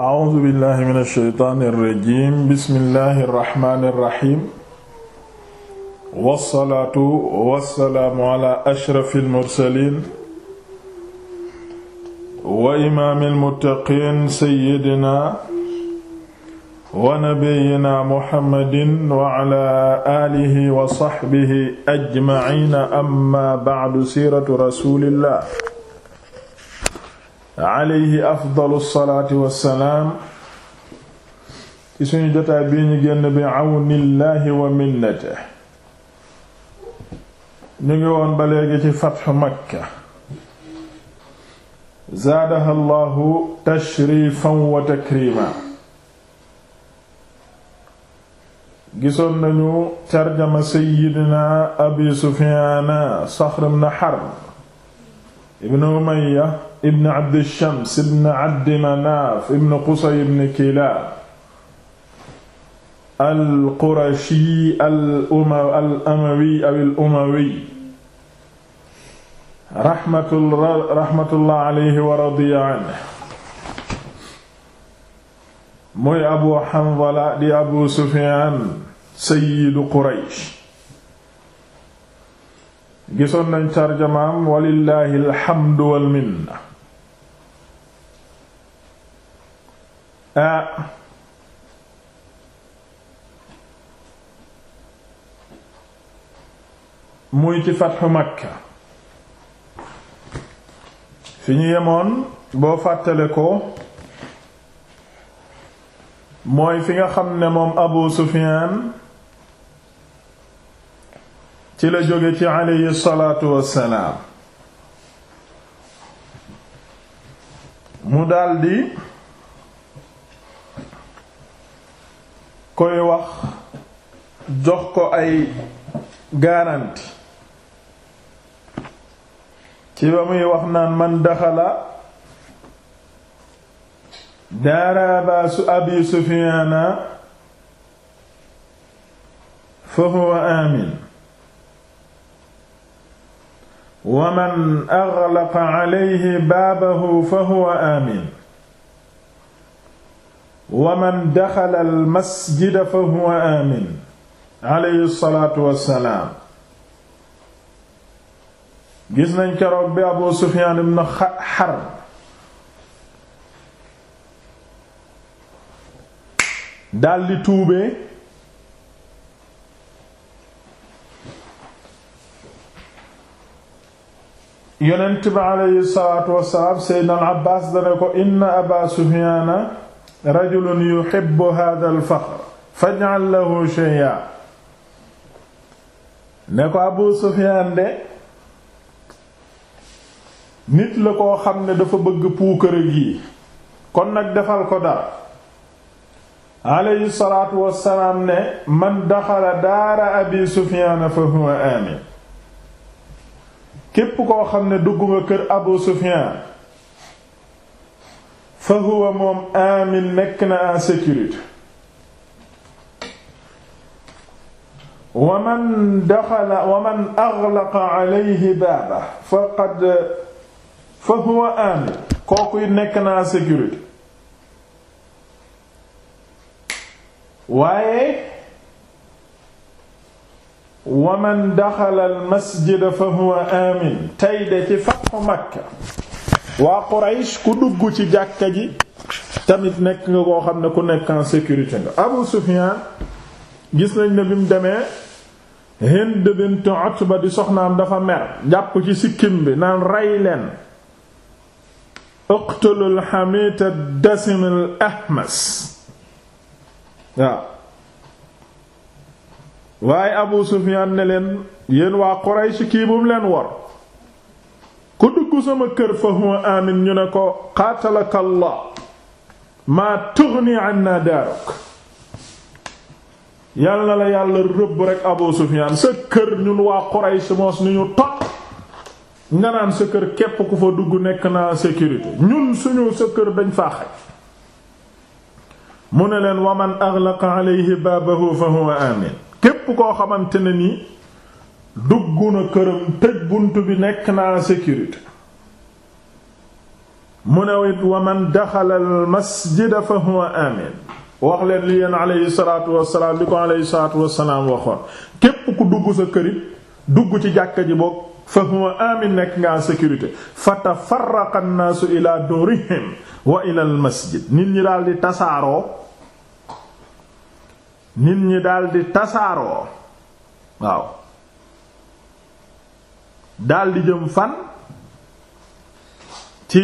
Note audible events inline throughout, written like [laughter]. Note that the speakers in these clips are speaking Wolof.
a'uuzu billahi mina shaytaani rajiim bismillahi rahmaani rahiim wassalaatu wassalaamu ala ashrafil mursaliin wa imaamil muttaqiin sayyidinaa wa nabiyyinaa muhammadin wa ala aalihi wa sahbihi ajmaciin amma ba'du siiratu rasuulillah alayhi afdalu salaati wassalaam ci suñu jotaay bii ñu génn bi awnillahi wa minnate ñu ngi woon ba léegi ci fatxu makka zaadaha allahu tashrifan wa takrima gisoon nañu tarjama sayyidina abi sufiana saxr ibn harb ibn umayya ibn abdi shams ibn abdi manaaf ibn qusay ibn kilaab al qurashi al amawi aw al umawi rahmatullah alayhi wa radiya anhu muy abu hanzala di abu sufyaan sayyidu quraysh gisoon nañ tarjamaam walillahi alhamdu wal minna Ah. muy ci fatxu makka fi ñu yemoon boo fàttale ko mooy fi nga xam ne moom abu sufiyaan ci la jóge ci aleyhi salaatu wassalaam mu daldi koy wax jox ko ay garanti ci ba muy wax naan man daxala daara baasu abi sufiyaana fa huwa aamin wa man axlaqa alayhi baabahu fa huwa aamin wa man daxala al masjida fa huwa aamin aleyhi salaatu wassalaam gis nañ keroog bi abu sufiyaan ibn harb daldi tuubee yonent bi aleyhi salaatu wassalaam seydna al abbaas dana ko inna aba sufiyaana rajulun yuhibbu hadha al-fakhr faj'al lahu ne ko Abu Sufyaan de nit la koo xam ne dafa bëgg puukare gi kon nag defal ko dara alayhi salaatu wassalaam ne man daxala daara Abi Sufyaan fa huwa aamin képp koo xam ne dugg nga kër Abu Sufyaan fa huwa moom amin nekk na en sécurité wa man daxala wa man axlaqa alayhi baaba faqad fa huwa amin kooku it nekk na en sécurité waaye wa man daxala al masjida fa huwa amin tey de ci fatxu Makka waa Quraysh ku dugg ci jàkka ji tamit nekk nga koo xam ne ku nekk en sécurité nga Abu Sufyan gis nañ ne bi mu demee Hind bint Utba di soxnaan dafa mer jàpp ci sikkim bi naan rey leen uqtulul hamit ad ahmas waaw waaye Abu Sufyan ne leen yéen waa Quraysh kii bu mu leen wor dugg sama kër fa huwa amin ñu ne ko qatalaka allah maa tughni anna daaruk yal na la yàlla rëbb rek abu sufiyaan sa kër ñun waa Quraysh moos ni ñu topp nga naan sa kër képp ku fa dugg nekk naa sécurité ñun suñu sa kër dañ faa xaj mu ne leen waman aghlaqa alayhi baabahu fa huwa amin képp koo xamante ne nii dugg na këram tëj bunt bi nekk naa sécurité mu ne wa man daxala al masjida fa huwa amin wax leen li yéen aleyhi salaatu wasalaam li ko aleyhi salaatu wasalaam waxoon képp ku dugg sa kërit dugg ci jàkka ji boog fa huwa amin nekk nga sécurité fa tafarraqa an ila durihim wa ila al masjid nit ñi daal di tasaaroo nit ñi daal tasaaroo waaw daal di jëm fan ci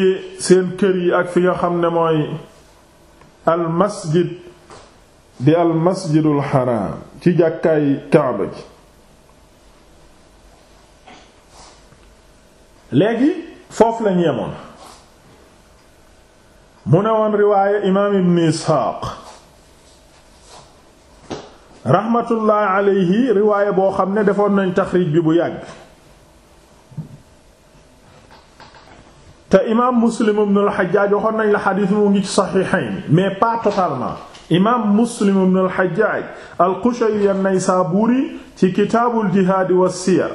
seen kër yi ak fi nga xam ne mooy al masjid di al masjidul haram ci jàkkaay kaaba ji léegi foofu la ñeemoon mu ne woon riwaaya imaam ibn isxaaq raxmatullaahi alayhi boo xam ne defoon nañ taxriij bi bu yàgg te imaam muslim ibn al-Hajjaj waxoon nañ la xadiis mu ngi ci saxiixayn mais pas totalement imaam muslim ibn al-Hajjaj al-Qushayri an-Naysaburi ci kitaabul jihaad was-siyar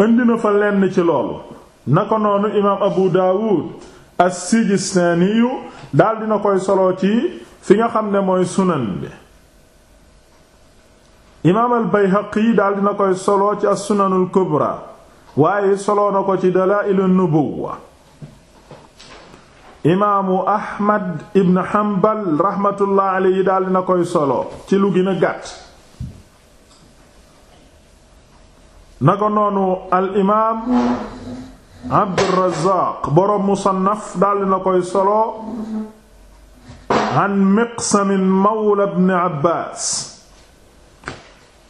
indi na fa lenn ci loolu naka noonu imaam Abu Dawud as-Sijistaniyu daal dina koy solo ci fi nga xam ne mooy sunan bi imaam al-Bayhaqi daal dina koy solo ci as-Sunanul Kubra waaye soloo na ko ci dalaa'il an-nubuwwa imaamu ahmad ibn hanbal rahmatullah alayhi daal dina koy solo ci lu gën a gàtt na ko noonu al imaam abdurazaq boroom musannaf daal dina koy solo an miqsam mawla ibn abbaas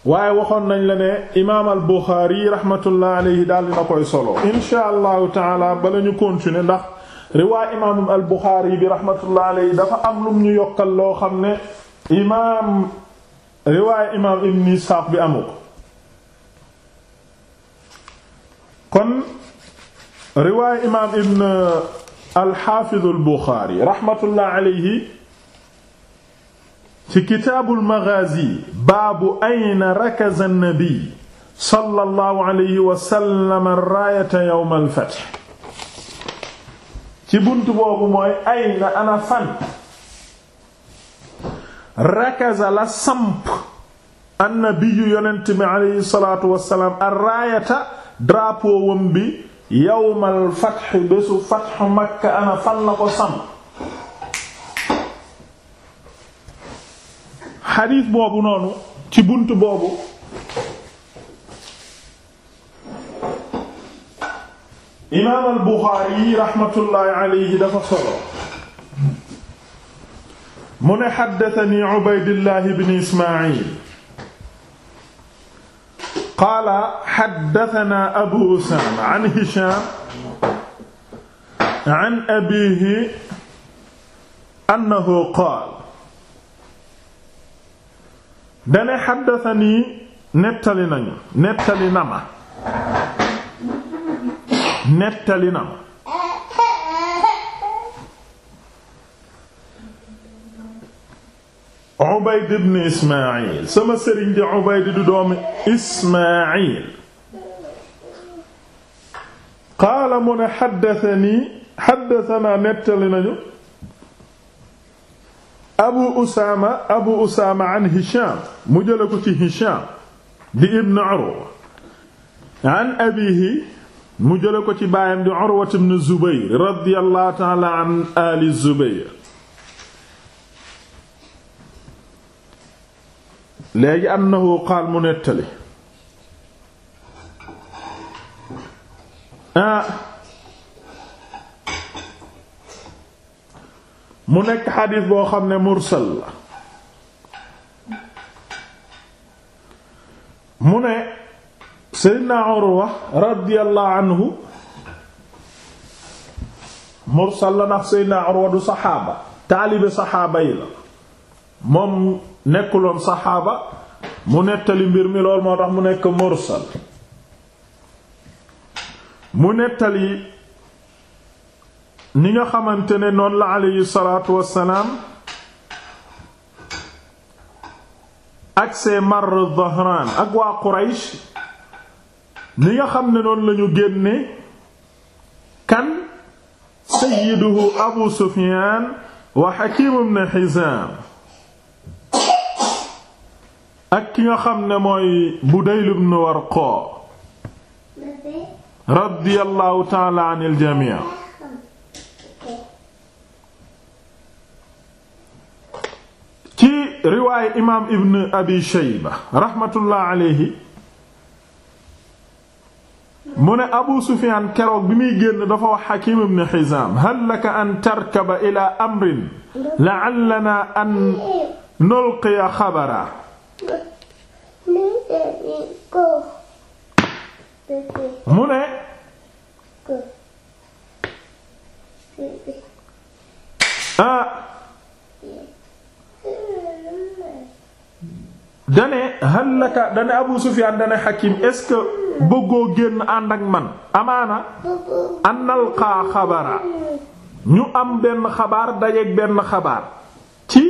waaye waxoon nañ la ne imaam al Buxaari rahmatullah alayhi daal dina koy solo insha allahu taala bala ñu continuer ndax riwaay imaam al Buxaari bi rahmatullah alayhi dafa am lum ñu yokkal loo xam ne imaam riwaay imaam Ibn Isxaaq bi amu ko kon riwaay imaam Ibn al Xaafiz al Buxaari rahmatullah alayhi ci kitaabul maghaazi baabu ayna rakaza nabi sallallahu alayhi wa sallam raayata yawmal fath ci bunt boobu mooy ayna ana fan rakaza la samp annabiyu yonent bi alayhi salaatu wasalaam arraayata drapeau wam bi yawmal fath bésu fath makka ana fan la ko samp xadiis boobu noonu ci bunt boobu imaam al Buxaari raxmatullaahi alayhi dafa solo mu ne xaddasani Ubaydullah ibn Ismaayil qaala xaddasanaa Abu Usaama an Hishaam an abiihi annahu qaala dane xaddasanii nettali nañu nettali na ma nettali na ma Ubayd Ismaayil sama sëriñ di Ubayd du doomi Ismaayil qaala ne xaddasanii xaddasanaa nettali nañu abu usaama abu usaama an hisham mu jële ko ci hisham di ibn urwa an abihi mu jële ko ci baayam di urwa ibn zubayr radiyallahu ta'ala an ali zubayr léegi annahu qaal mu nettali ah mu nekk xadiis boo xam ne mursal la mu ne seydna Urwa radiyallahu anhu mursal la ndax seydna Urwa du saxaaba taalibe saxaaba yi la moom nekkuloon saxaaba mu nettali mbir mi lool moo tax mu nekk mursal mu nettali ni nga xamante ne noonu la aleyhi salaatu wassalaam ak see Marr Dhahran ak waa Quraysh ni nga xam ne noonu lañu génne kan sayyiduhu Abu Sufyaan wa Hakim ibn Hizam ak ki nga xam ne mooy Budayl ibn Warqa radiyallahu ta'ala anil jami' riwaaye imaam ibn abi shayba raxmatullah alayhi mu ne abu sufiyaan keroog bi muy génn dafa wax xakim ibn xizaam hal laka an tarkaba ila amrin la'allana an nulqiya xabara mu ne ah dane hallaka dane Abu Sufyaan dane Hakim est-ce que bëggoo génn ànd ak man amaana an nalqaa xabara ñu am benn xabaar dajeek benn xabaar ci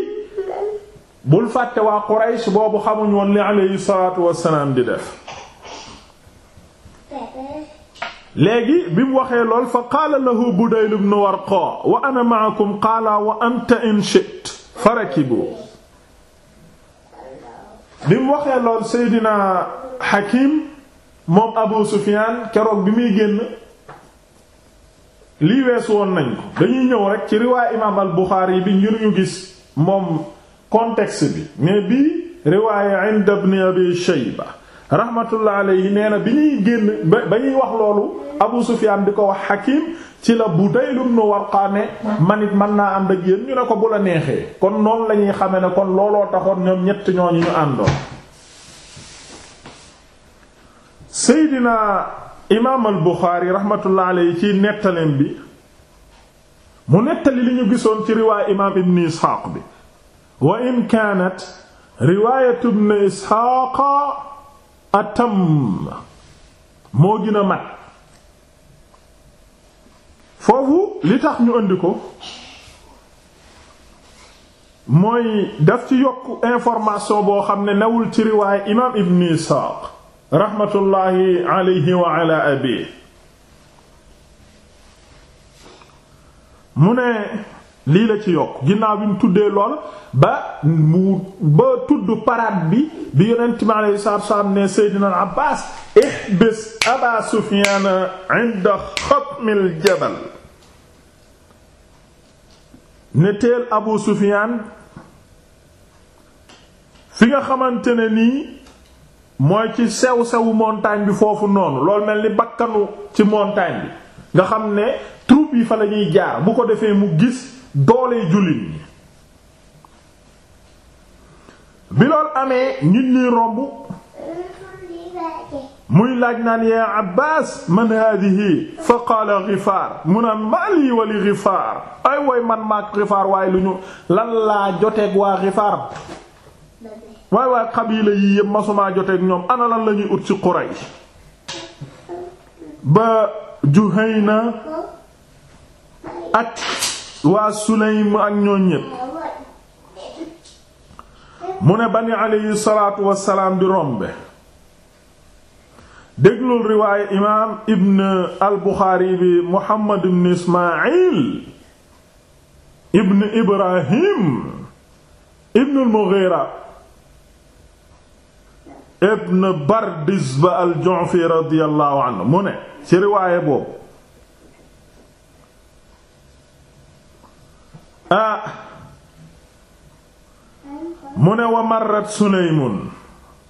bul fàtte waa Quraysh boobu xamuñ woon li alayhi salaatu wassalaam di def léegi bi mu waxee lool fa qaala lahu Budayl war Warqa wa ana ma'akum qaala wa anta in shi'ta farakibu bi mu waxee lool Seydina Hakim moom Abu Sufyan keroog bi muy génn lii weesu woon nañ dañuy ñëw rek ci riwaay imaam al-Bukhari bi ngir gis moom contexte bi mais bii riwaaya inda Abi Shayba rahmatullah alayhi nee na bi ñuy génn ba ñuy wax loolu Abu Sufyaan di ko wax Hakim ci la Budayl ibn Warqa ne man it mën naa ànd ak yéen ñu ne ko bu la neexee kon noonu lañuy ñuy xame ne kon looloo taxoon ñoom ñett ñooñu ñu àndoon Seydina imaam al Buxaari rahmatullah alayhi ci nettaleem bi mu nettali li ñu gisoon ci riwaay imaam ibn Isxaaq bi wa in kaanat riwaayatu ibn Isxaaq atam moo gën mat foofu li tax ñu indi ko mooy daf ci yokk information boo xam ne nawul ci riwaay imaam ibn Isaaq raxmatullaahi wa ala mu ne lii la ci yokk ginnaaw bi mu tuddee lool ba mu ba tudd parade bi bi yonent mi alayhi salaatu salaam ne Seydina Abbaas ihbis Aba Sufyaan inda xatmil jabal ne teel Abu Sufyaan fi nga xamante ne nii mooy ci sew sewu montagne bi foofu noonu loolu mel ni bakkanu ci montagne bi nga xam ne troupe yi fa lañuy ñuy jaar bu ko defee mu gis doolee jullit ñi bi amee nit ñi romb muy laaj naan yaa Abbaas man haadihi fa qaala Gifaar mu naan maa lii wa li Gifaar ay woy man maak Gifaar waaye lu ñu lan laa joteeg waa Gifaar waay waay xabiila yii yépp masumaa joteeg ñoom ana lan la ñuy ut ci Quraysh ba Juhayna ak waa Sulaym ak ñooñ ñépp mu ne bani aleyhi salaatu wassalaam di rombe déglul riwaaye imaam ibn al Buxaari bi Muhammad ibn Ismaayil ibn Ibrahim ibn al Mughira ibn Bardizba al Ju'fi radiyallahu anhu mu ne ci riwaaye boobu ah mu ne wa marrat Sulaymun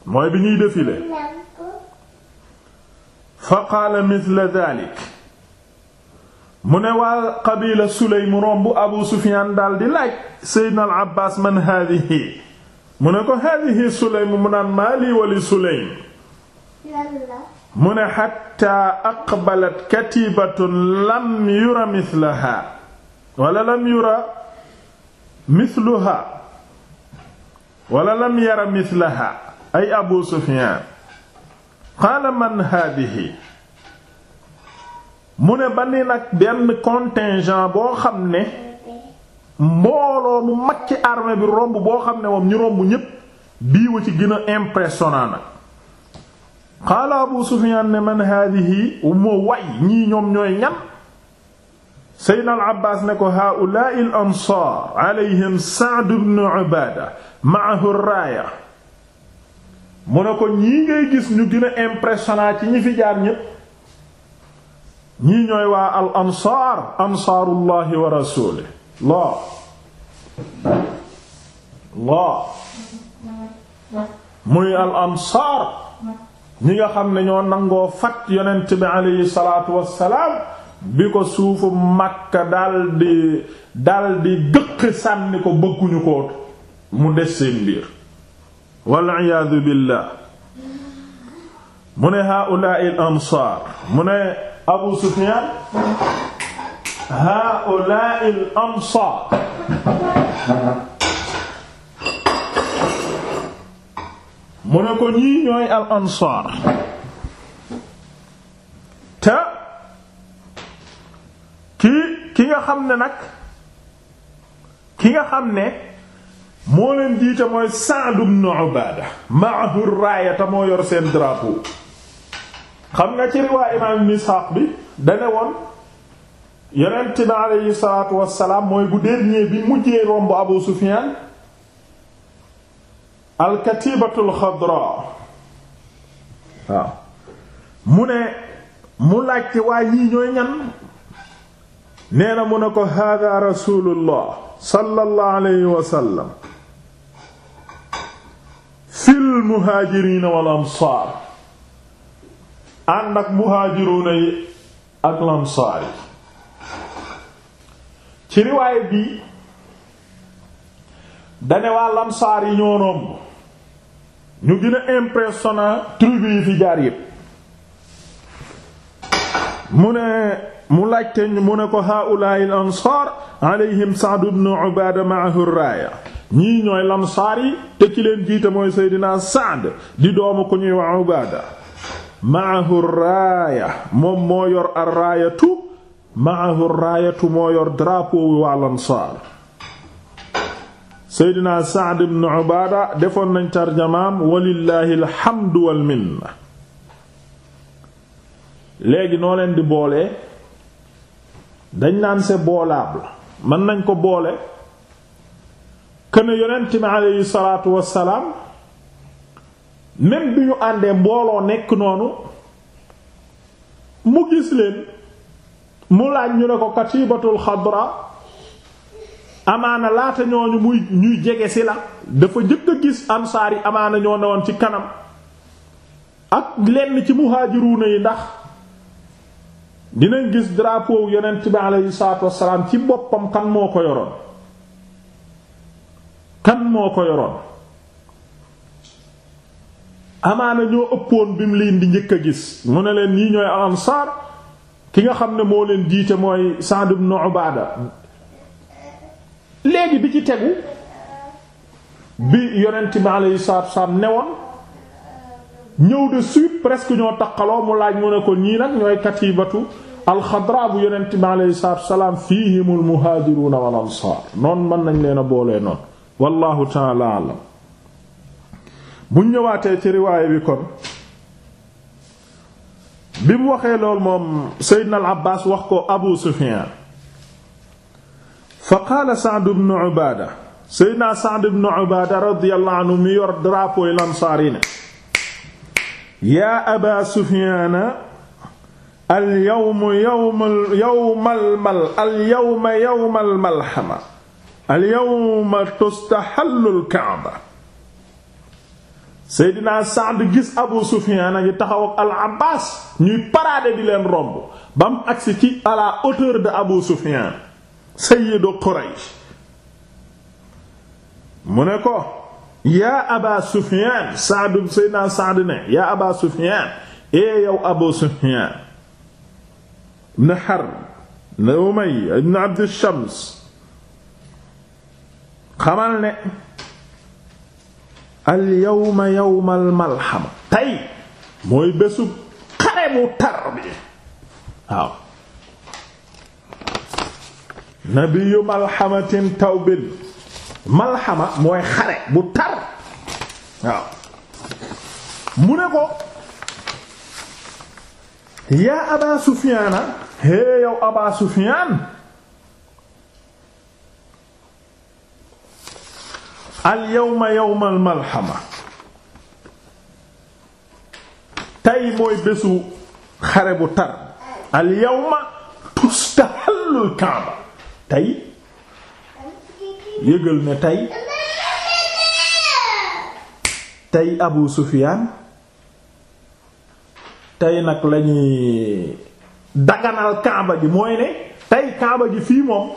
mooy bi ñuy défilé fa qaala mithla dhalik qabila Sulaym romb Abu Sufyaan daal di laaj al Abbaas man haadihi mu ne ko haadihi Sulaym mu naan maa lii wa li Sulaym mu ne xatta aqbalat katiibatun lam yura mithlaha wala lam yura mithluha wala lam yara mithlaha ay abu sufyan qaala man haadihi mu ne ba ni nag benn contingent boo xam ne mbooloo mu mag ci armée bi romb boo xam ne moom ñu romb ñépp biiwu ci gëna a impressionnant nag qaala abu sufyan ne man haadihi moo ñii ñoom ñooy ñan seydna al abbaas ne ko haa'ulaa'i al ansaar alayhim Sa'd ibn mu ne ko ñii ngay gis ñu gën a impressionnant ci ñi fi jaar ñépp ñii ñooy waa al ansaar ansaarullahi wa rasuulihi laa laa muy al ansaar ñi nga xam ne ñoo nangoo fat yonent bi alayhi salaatu wassalaam bi ko suufu Makka daldi daldi dëq sànni ko bëgguñu ko mu des seen biir wal iyaadu billaah mu ne haa'ulaa'i al ansaar mu ne Abu Sufyaan haa'ulaa'i al ansaar mu ne ko ñii ñooy al ansaar ki nga xam ne nag ki nga xam ne moo leen jiite mooy Sa'd ibn Ubaada ma'ahu raaya te moo yor seen drapeau xam nga ci riwaay imaam ibn bi dane woon yonent bi aleyhi salaatu wassalaam mooy bu dernier bi mujjee romb Abu Sufyaan alkatibatul xadra mu ne mu laaj ci waa yii ñooy ñan nee na mu ne ko hada rasulullah sallallahu alayhi wa sallam fil muhaajiriina wal ansaar ànd ak muhaajiruuna yi ak lansaar yi ci riwaay bi dane waa lansaar yi ñoo romb ñu gën a tribu yi fi jaar yépp mu ne mu laajte mu ne ko haa'ulaa'i al-ansaar alayhim Sa'd ibn Ubaada ma'ahu raaya ñii ñooy lansaar yi te ki mooy Seydina Sa'd di doomu ku ñuy wax Ubaada raaya moom moo yor ar-raayatu ma'ahu raayatu moo yor waa lansaar Seydina Sa'd ibn Ubaada defoon nañ tarjamaam walillaahi alhamdu wal léegi noo leen di boolee dañ naan c'est boolable mën nañ ko boole këne yonent mi aleyhi salaatu wassalaam même bi ñu àndee mbooloo nekk noonu mu gis leen mu laaj ñu ne ko katibatul xadra amaana laata ñooñu muy ñuy jege si la dafa jëkk a gis ansaar yi amaana ñoo newoon ci kanam ak lenn ci muhaajiruuna yi ndax dinañ gis drapeau yonent bi aleyhi salaatu wassalaam ci boppam kan moo ko yoroon kan moo ko yoroon amaana ñoo ëppoon bi mu leen di njëkk a gis mu ne leen ñii ñooy al-ansaar ki nga xam ne moo leen jiite mooy Sa'd ibn Ubaada léegi bi ci tegu bi yonent bi aleyhi salaatu wassalaam newoon ñëw de suite presque ñoo taqaloo mu laaj mu ne ko ñii nag ñooy katibatu alxadra bu yonent bi salaam salaatu wasalaam fiihimul muhaajiruuna wal ansaar noonu mën nañ leen a boolee noonu wallahu taala alam buñ ñëwaatee ci riwaaya bi kon bi mu waxee lool moom Seydina al Abbaas wax ko Abu Sufyaan fa qaala Sa'd ibn Ubaada Seydina Sa'd ibn Ubaada radiyallahu anhu mi yor drapeau yi ne yaa aba sufyaana al yawma yawmal yawmal mal al yawma yawmal malhama al yawma tustahallu al kaaba seydinaa Saad gis abu sufyaana ngi taxaw ak al abbaas ñuy paraade di leen romb ba mu agsi ci à la hauteur de abu sufyaan sayyidu quraysh mu ne ko yaa aba sufiyaan saadu seydinaa saadu ne yaa aba sufiyaan ee yow abu sufiyaan ibn harb ibn umay ibn abd shams xamal ne al yawma yawmal malhama tey mooy bésu xare bu tar bi waaw nabiyu malhamatin tawbin malhama mooy xare bu tar waaw mu ne ko yaa aba sufiana hé yow aba sufian al yawma yawmal malhama tey mooy bésu xare bu tar al yawma tustahallul kaaba tey yëgal ne tey tey Abu Sufyaan tey nag lañuy daganal kàmba gi mooy ne tey kaaba gi fii moom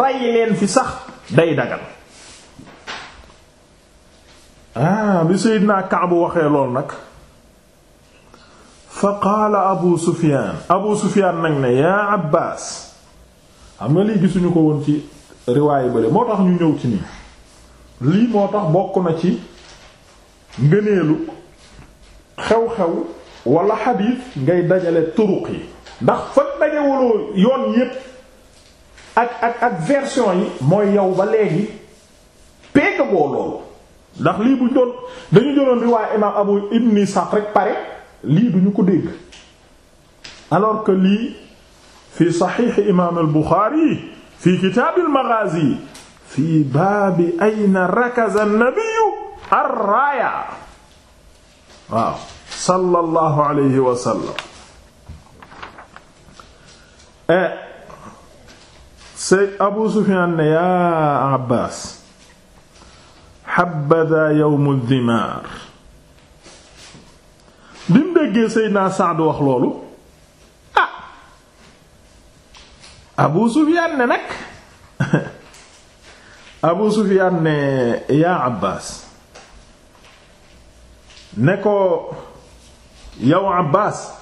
rey leen fi sax day dagal ah bi Seydina Ka'b waxee lool nag fa qaala Abu Sufyaan Abu Sufyaan nag ne yaa Abbaas xam nga lii gisuñu ko woon ci riwaayu bële moo tax ñu ñëw ci nii lii moo tax bokk na ci ngëneelu xew-xew wala xadiis ngay dajale turuq yi ndax fa dajewuloo yoon yépp ak ak ak version yi mooy yow ba léegi peeg loolu ndax lii bu doon dañu jëloon riwaay imaam Abu Ibn Ishaq rek pare lii duñu ko dégg alors que lii fi saxiix imaam al-Buxaari fi kitaabil maghaazi fi baabi ayna rakaza an ar-raaya waaw sallallahu alayhi wa sallam eh. Seyd Abu Sufyaan ne yaa Abbaas habada yawmu dimaar bi mu déggee Seydina Saad wax loolu ah Abu Sufyaan ne nag [laughs] Abu Sufyaan ne yaa Abbaas ne ko yow Abbas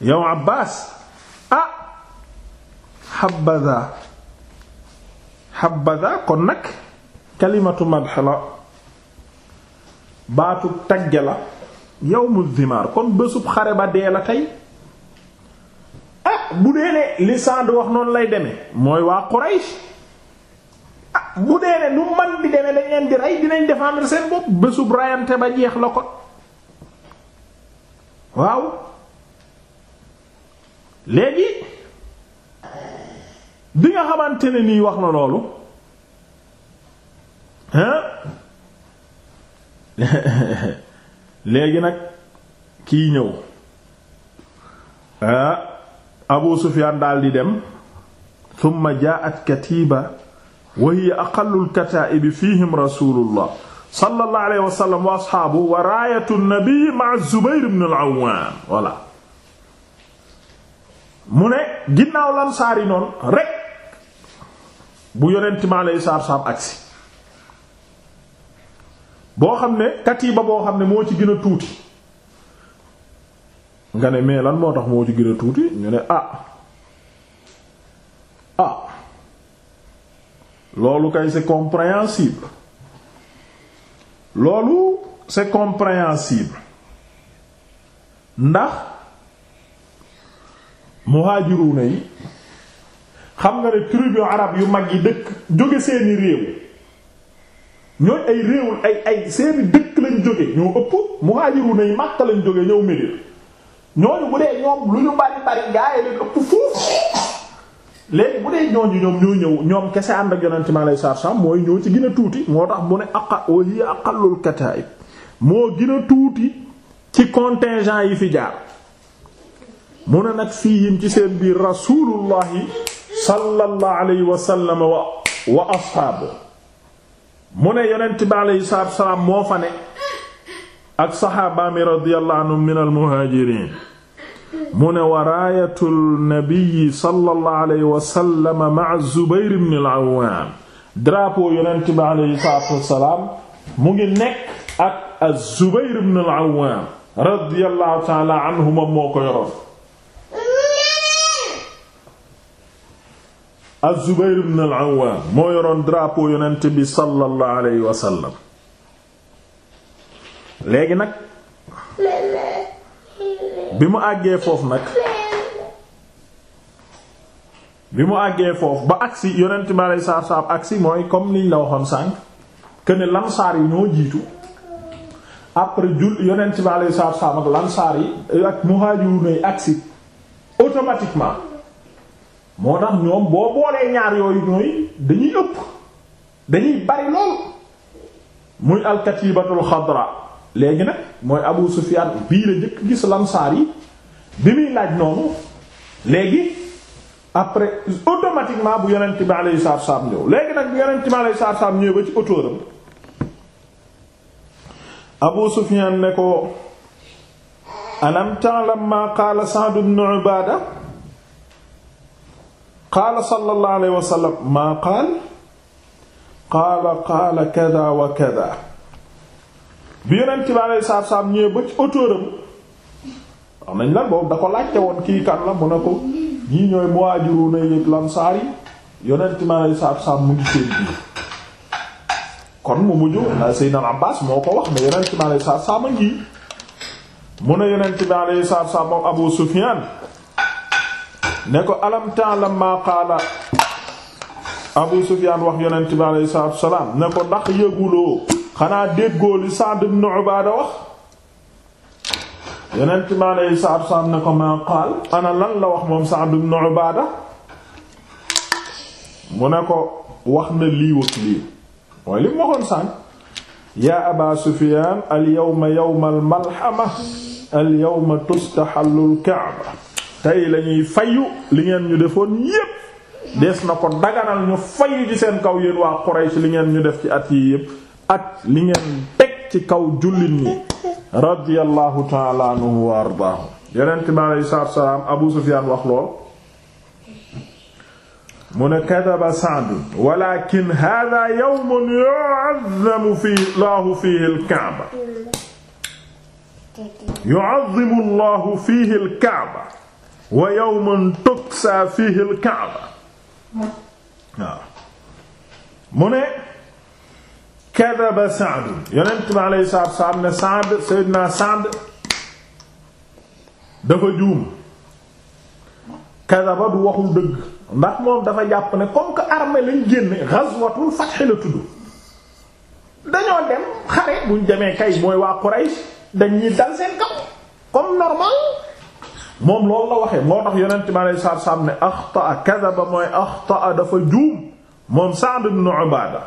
yow Abbas ah xabaza xabaza kon nag kalimatu madx la baatu tagge la yawmu zimaar kon bésub xare ba dee la tey ah bu dee ne li Saad wax noonu lay deme mooy waa Quraysh ak bu dee ne nu man di demee dañ di rey dinañ défendre seen bopp bésub rayante ba jeex la ko waaw léegi bi nga xamante ne nii wax na loolu [laughs] léegi nag kiy ñëw ah, Abu Sufyaan daldi dem jaa jaa'at katiba wa hiya aqallul kataa'ibi fiihim rasuulullah sallallahu alayhi wa sallam wa ashaabuhu wa raayatu nabi ma Zubayr ibn al-Awwaam voilà mu ne ginnaaw lansaar yi noonu rek bu yonent ma lay saab saab agsi boo xam ne katiba boo xam ne moo ci gën a tuuti nga ne mais lan moo tax moo ci gën tuuti ñu ne ah ah loolu kay c'est compréhensible loolu c'est compréhensible ndax muhajiruna yi xam nga ne tribu arab yu mag yi dëkk jóge seeni réew ñooy ay réewul ay ay seeni dëkk lañ jóge ñoo ëpp muhajiruna yi Makka lañ jóge ñëw Médina ñooñu bu dee ñoom lu ñu bari bari gaa yi leen ëpp foofu léegi bu dee ñooñu ñoom ñoo ñëw ñoom kese ànd ak yonent mi alayhi salaatu salaam mooy ñoo ci gën a tuuti moo tax mu ne aqa wa hiya aqallul kataa'ib moo gën a tuuti ci contingent yi fi jaar mu ne nag fiihim ci seen biir rasulullahi sallallahu alayhi wa sallam wa wa ashaabu mu ne yonent bi alayhi salaatu salaam moo fa ne ak saxaabaami radiyallahu anhum minal muhaajiriin mu ne wa raayatu nabiyi sallallahu alayhi wa sallam ma'a Zubayr ibn al-Awwam drapeau yonent bi alayhi salaatu wassalaam mu ngi nekk ak az-Zubayr ibn al-Awwam radiyallahu ta'ala anhuma moo ko yoroon az-Zubayr ibn al-Awwam moo yoroon drapeau yonent bi sallallahu alayhi wa sallam léegi nag bi mu àggee foofu nag bi mu àggee foofu ba agsi yonent bi aleyhi salaatu agsi mooy comme niñ la waxoon sànq que ne lansaar yi ñoo jiitu après jul yonent bi aleyhi salaatu ak lansaar yi ak muhaajiruun yi agsi automatiquement moo tax ñoom boo boolee ñaar yooyu ñooy dañuy ëpp dañuy bari lool muy alkatibatul xadra léegi nag mooy Abu Sufyan bii la njëkk gis lamsaar yi bi muy laaj noonu léegi après automatiquement bu yonent bi alayhi salaatu wa salaam ñëw léegi nag bu yonent bi alayhi salaatu wa ñëw ba ci autoram Abu Sufyan ne ko alam ta'lam ma qaala Sa'd ibn Ubaada qaala sallallahu alayhi wa maa qaal qaala qaala kada wa bi yeneen ci laalee saab saab ñëwee ba ci wax nañ la boobu da ko laajte woon kii kan la mu ne ko ñii ñooy muhajiruna yëg lansaar yi yonent ma lay saab saab mu ngi seen biir kon mu mujj Seydina Abbas moo ko wax ne yonent ma lay saab saab a ngi mu ne yonent moom Abu Sufyan ne ko alam ta'lam ma Abu Sufyan wax yonent ma lay saab salaam ne ko ndax yëguloo xanaa déggoo li Sa'd ibn Ubaada wax yeneen ci maa lay ne ko maa qaal ana lan la wax moom Sa'd ibn Ubaada mu ne ko wax ne lii ak lii mooy li mu waxoon sànq yaa Aba Sufyaan al yawma yawmal malhama al yawma tustahallu al ka'ba tey lañuy fayu li ngeen ñu defoon yépp des na ko daganal ñu fayu ci seen kaw yéen waa Quraysh li ngeen ñu def ci at yi yépp ak li ngeen teg ci kaw jullit ñi radiyallahu taala anhu wa ardaahu yonent bi aleyhi salaatu wa salaam Abu Sufyaan wax lool mu ne kadaba Sa'd walakin haaza yawmun yu'azzamu fiihi Allahu fiihi al-Ka'ba yu'azzimu Allahu fiihi al-Ka'ba wa yawmun tuksaa fiihi al-Ka'ba waaw mu ne kadaba Sa'd yonent bi alayhi salaatu wa salaam ne Sa'd dañoo dem xare buñ demee kay mooy waa Quraysh dañuy dal seen kaw comme normal moom loolu la waxee moo tax yonent bi alayhi salaatu wa salaam ne axtaa kadaba juum moom Sa'd ibn Ubaada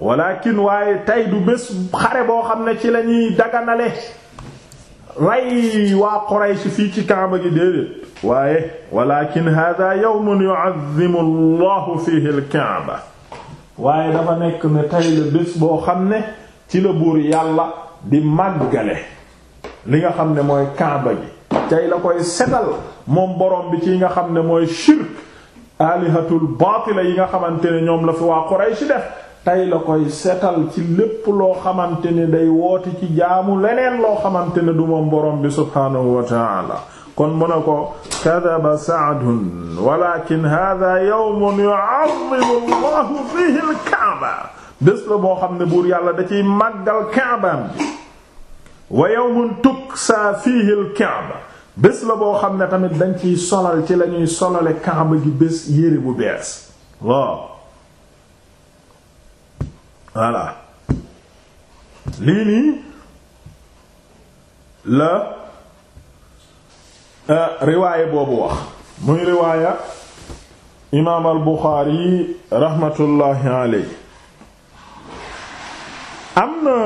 walakin waaye tey du bés xare boo xam ne ci lañuy daganale ray waa Quraysh fii ci Kaaba gi déedéet waaye walakin hada yawmun yu'azzimu Allahu fihi al-Kaaba waaye dafa nekk ne boo xam ne ci la buur yàlla di màggale li nga xam ne mooy Kaaba gi tey la koy setal moom borom bi ci yi nga xam ne mooy shirk alihatul baatila yi nga xamante ne ñoom la fi waa Quraysh def tey la koy setal ci lépp loo xamante ne day woote ci jaamu leneen loo xamante ne du moom borom bi subhaanahu wa ta'ala kon mu ne ko kadaba saadun walakin hada yawmun yu'azzimu allahu fihi al-kaaba bés la boo xam ne buur yàlla da ciy màggal kaabaan bi wa yawmun tuksa fihi al-kaaba bés la boo xam ne tamit dañ ciy solal ci lañuy solale kaaba gi bés yére bu bees voilà lii nii la euh, riwaaya boobu wax muy riwaaya imaam al Buxaari raxmatullaahi alayhi am na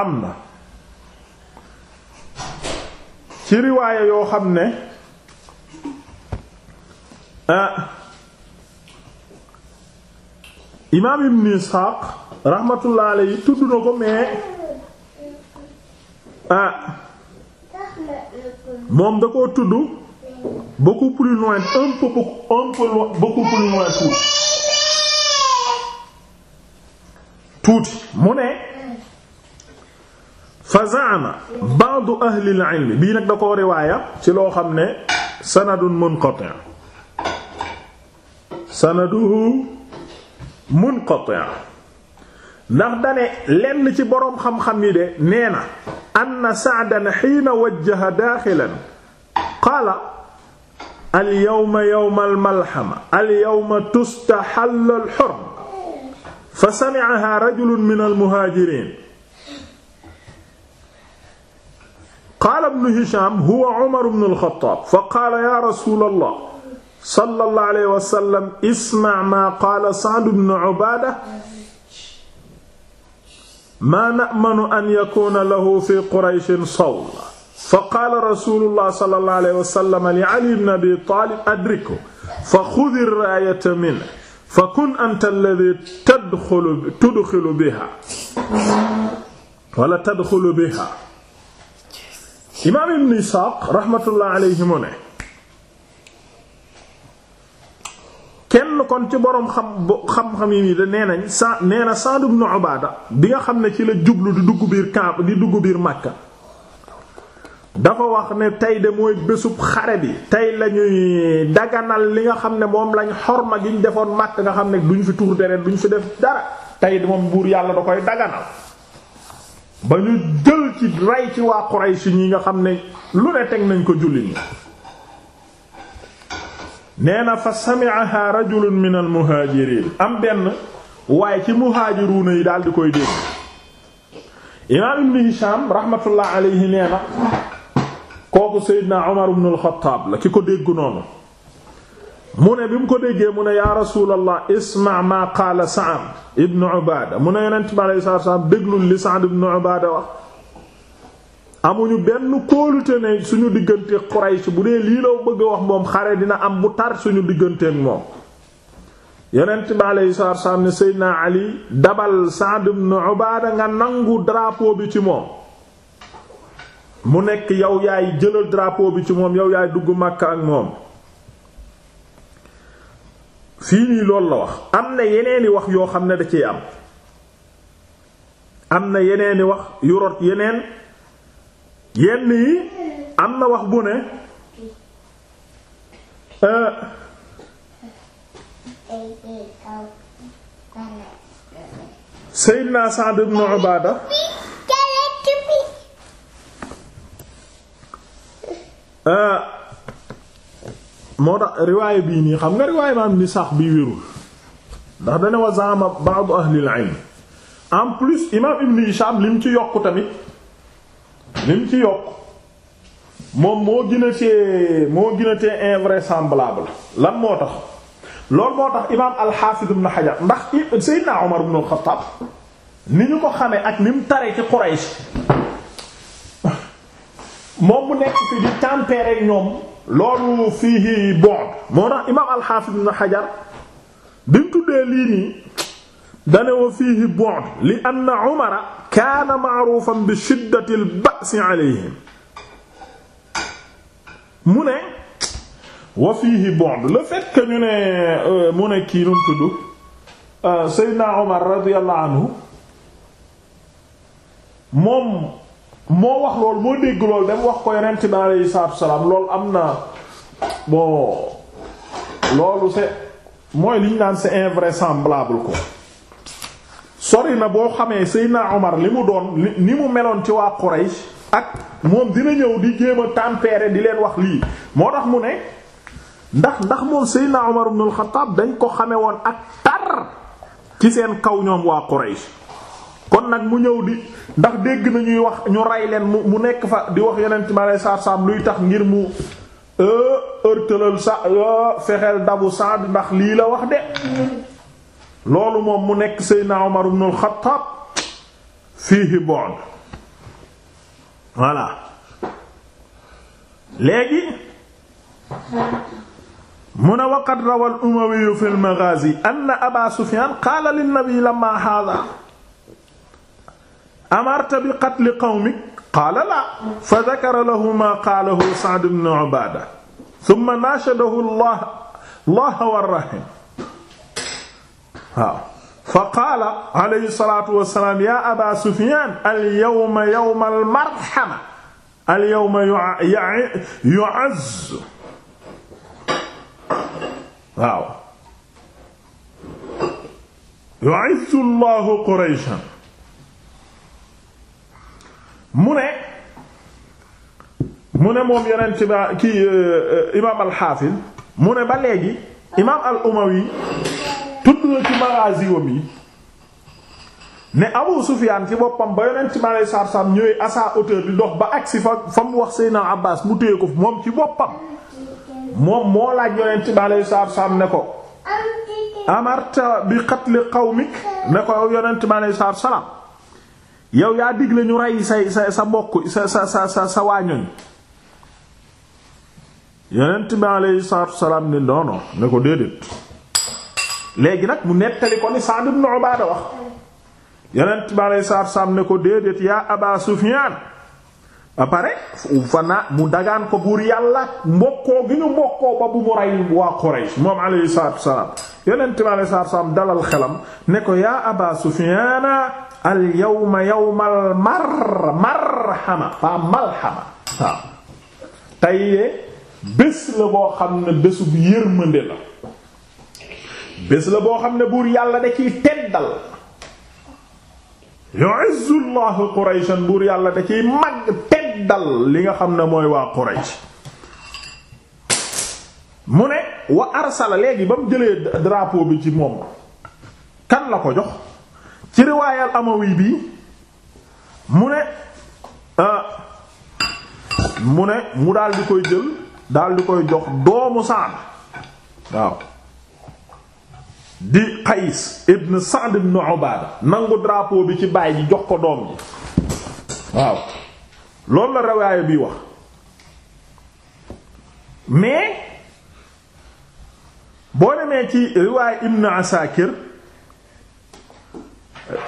am na ci riwaaya yoo xam ne ah imaam ibn Isxaaq rahmatullah alayhi tudd na ko mais ah moom da koo tudd beaucoup plus loin tuuti mu ne fa zaama ba'du ahli al bii nag da koo riwaaya ci loo xam ne sanadun munqati' sanaduhu munqati' ndax dane lenn ci boroom xam-xam yi de nee na anna sa'dan xiina wajjaha daaxilan qaala al yawma yawma al malhama al yawma tustahallu al hurma fa sami'aha rajulun min al muhaajiriin qaala ibnu Hishaam huwa Umar ibnu al Xattaab fa qaala yaa rasuulallah sallallahu alayhi wa sallam isma ma qaala Sa'd ibn Ubaada maa na'manu an yakuuna lahu fi Qurayshin sawl fa qaala rasuulullah sallallahu alayhi wa sallam li Ali ibn Abi Taalib adrikhu fa xudh ar-raayata minhu fa kun anta alladhii tadkhulu tudkhilu bihaa wala tadkhulu bihaa imaam Ibn Isxaaq rahmatullahi alayhi mu ne kon ci boroom xam xam yi da nee nañ sa nee na Sa'd ibn Ubaada bi nga xam ne ci la jublu di dugg biir camp di dugg biir Makka dafa wax ne tey de mooy bésub xare bi tey lañuy daganal li nga xam ne moom lañ xorma gi ñu defoon Makka nga xam ne duñ fi tuur deret ñu fi def dara tey moom buur yàlla da koy daganal ba ñu jël ci rey ci waa Quraysh ñi nga xam ne lu ne teg nañ ko jullit ñi nee na fa sami'aha rajulun min al am benn waaye ci muhaajiruuna yi daal di koy dégg imaam ibn Hisham rahmatullah alayhi nee na kooku Seydina Umar ibn al la ki ko dégg noonu mu ne bi mu ko déggee mu ne yaa rasulallah isma ma qaala Sa'd ibn Ubaada mu ne yonent bi alayhi salaatu déglul li Sa'd ibn Ubaada wax amuñu benn kóolute ne suñu diggante Quraysh bu dee lii law bëgg wax moom xare dina am bu tar suñu digganteek moom yonent bi aleyhi salaatu wasalaam Ali dabal Sa'd ibn Ubaada nga nangu drapeau bi ci moom mu nekk yow yaay jëlal drapeau bi ci moom yow yaay dugg Makka ak moom fii nii loolu la wax am na yeneeni wax yoo xam ne da ciy am am na yeneeni wax yu rot yeneen yenn yi am na wax bu ne euh, Seydina Sa'd ibn Ubaada euh, moo dax riwaay bii nii xam nga riwaay maam ni sax bi wérul ndax dana wa zaama ba'd ahli al-ilm en plus imaam Ibn Hisham lim ci yokku tamit lim ci yokk moom moo gën a tee moo gën a lan moo tax lool moo tax imaam al-Hafiz ibn Hajar ndax Seydina Omar ibn al-Khattab ni ñu ko xamee ak ni mu taree ci Quraysh moom mu nekk fi di tempérer ñoom loolu fii bon moo tax imaam al-Hafiz ibn Hajar bi mu tuddee lii nii dane wa fiihi bu'd li anna umara kaana ma'rufan bi shiddati al-ba's alayhim ne wa fiihi bu'd le fait que ne euh, mu ne kii num tudd euh, Seydina anhu moom moo wax lool moo dégg lool dem wax ko yonent bi alayhi salaatu am na bon loolu c'est mooy li ñu naan c'est invraisemblable quoi sori na boo xamee Seydina Omar li mu doon ni mu meloon ci waa Quraysh ak moom dina ñëw di jéem a tempérer di leen wax lii moo tax mu ne ndax ndax moom Seydina Omar ibn al-Khattab dañ ko xame woon ak tar ci seen kaw ñoom waa Quraysh kon nag mu ñëw di ndax dégg na ñuy wax ñu rey leen mu mu nekk fa di wax yeneen ma lay saab luy tax ngir mu ërtëlal euh, sa euh, fexeel dabu Saad ndax lii la wax de loolu moom mu nekk Seydina Umar ibn al-Khattab fiihi bu'd voilà léegi mu ne waqad rawa al-Umawi fi al-maghazi anna Aba Sufyan qaala lin-nabi lamma hadha amarta bi qatli qawmik qaala la fa dhakara lahu ma qaalahu Sa'd ibn Ubaada thumma naashadahu Allah Allah war-Rahim waaw fa qaala alayhi salaatu wassalaam yaa aba sufyaan al yawma yawma al marhama al yawma yu'azz waaw yu'izzu Allahu Qurayshan mu ne mu ne moom yonent bi ki imaam al-Haafiz mu ne ba léegi imaam al-Umawi tudd na ci magaziwam yi ne Abu Sufyaan ci boppam ba yonent mi alayhi salaatu salaam ñëwee à sa di dox ba agsi fa fa mu wax Seydina Abbaas mu téye ko moom ci boppam moom moo laaj yonent mi alayhi salaatu salaam ne ko amarta bi xaw qawmik ne ko yonent mi alayhi salaatu salaam yow yaa digle ñu rey say sa sa mbokk sa sa sa sa sa waañoñ yonent mi alayhi salaatu salaam ne non ne ko déedéet léegi nag mu nettali ko ni Sa'd ibn Ubaada wax yonent bi aleyhi salaatu salaam ne ko déedéet yaa Aba Sufyaan ba fa na mu dagaan ko buur yàlla mbokkoo gi ñu mbokkoo ba bu mu rey waa Quraysh moom aleyhi salaatu salaam yonent bi aleyhi salaatu salaam dalal xelam ne ko yaa Aba Sufyaana al yawma yawmal mar marhama fa malhama waaw bés la boo xam ne bésu yërmande la bés la boo xam ne buur yàlla da ciy teddal yu'izzu llahu qurayshan buur yàlla da ciy mag teddal li nga xam ne mooy waa quraysh mu ne wa arsala léegi ba mu jëlee drapeau bi ci moom kan la ko jox ci riwaayal amawi bi mu ne euh, mu ne mu daal di koy jël daal di koy jox doomu Saad waaw di Qays ibn Sa'd ibn Ubaada nangu drapeau bi ci baay ji jox ko doom ji waaw loolu la rawaaya bi wax mais boo demee ci riwaaya Ibn Asakir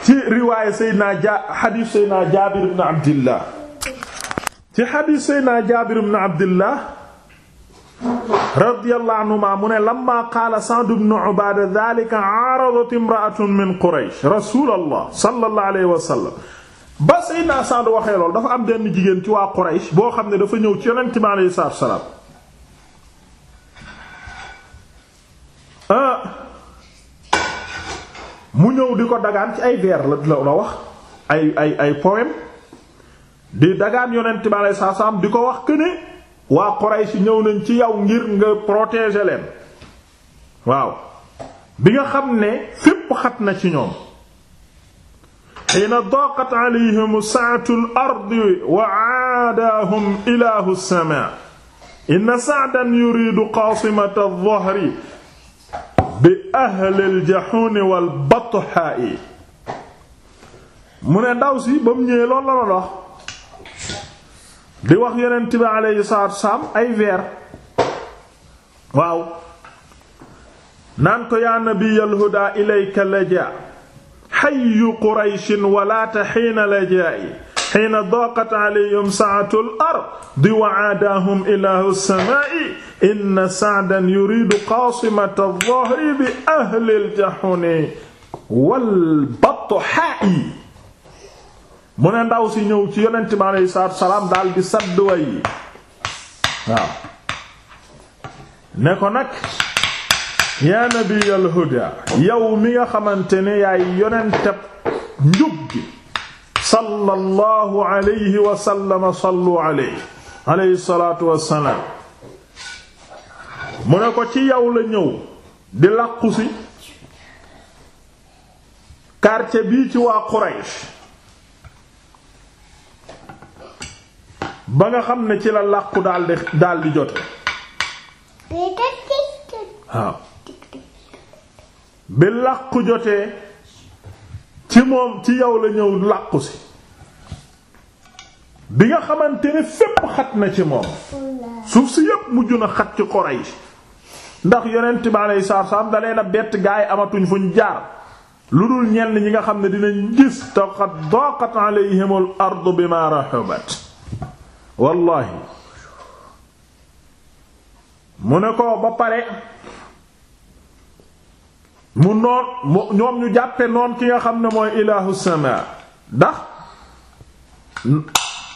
ci riwaaya Seydina ja xadiis Jaabir ibn Abdillah ci xadiis Seydina Jaabir ibn Abdillah radiyallahu mu ne lamma qaala Sa'd ibn Ubaada dhaalika aaradat imra'atun min Quraysh rasuulallah sallallahu alayhi wa sallam ba Seydina waxee lool dafa am denn jigéen ci waa Quraysh boo xam ne dafa ñëw ci Yonent bi alayhi salaatu salaam ah, mu ñëw di ko dagaan ci ay vers la la wax ay ay ay di dagaan Yonent bi alayhi salaatu salaam di ko wax que waa Quraysh ñëw nañ ci yow ngir nga protéger leen waaw bi nga xam ne fépp xat na ci ñoom xiina daqat alayhim saatu l ardi wa aadaahum ilahu lsama inna sa'dan yuridu qaasimata aldahri bi ahli aljaxuuni walbatxaa'i mu ne ndaw si ba mu ñëwee di wax yonent bi alayhi salaatu salaam ay vers waaw naan ko yaa nabiyal huda ilayka laja hayyu qurayshin walaata xiina lajaa'i xiina daqat alayhim sa'atu al-ardi wa aadaahum ilaahu as-samaa'i inna sa'dan yuriidu qaasimata adh-dhahri bi ahli al-jahuni wal-bathaa'i mu ne ndaw si ñëw ci yonent bi aleyhi salaatu salaam daal di sadd way yi waaw ne ko nag yaa nabiyal huda yow mi nga xamante ne yaay yonentab njub gi sallallahu alayhi wa sallam sallu alayhi mu ne ko ci yow la ñëw di làqu si quartier bii ci waa Quraysh ba nga xam ne ci la làqu daal di daal di jote waaw bi làqu jotee ci moom ci yow la ñëw làqu si bi nga xamante ne fépp xat na ci moom suuf si yépp mujj na xat ci Quraysh ndax yonent bi alayhi salaatu salaam da leen bett gaa yi amatuñ fuñ jaar lu dul ñenn ñi nga xam ne dinañ gis taqad daqat alayhimul ardu bima rahabat wallaahi mu ne ko ba pare mu noon mu ñoom ñu jàppe noon ki nga xam ne mooy ilaahu sama dax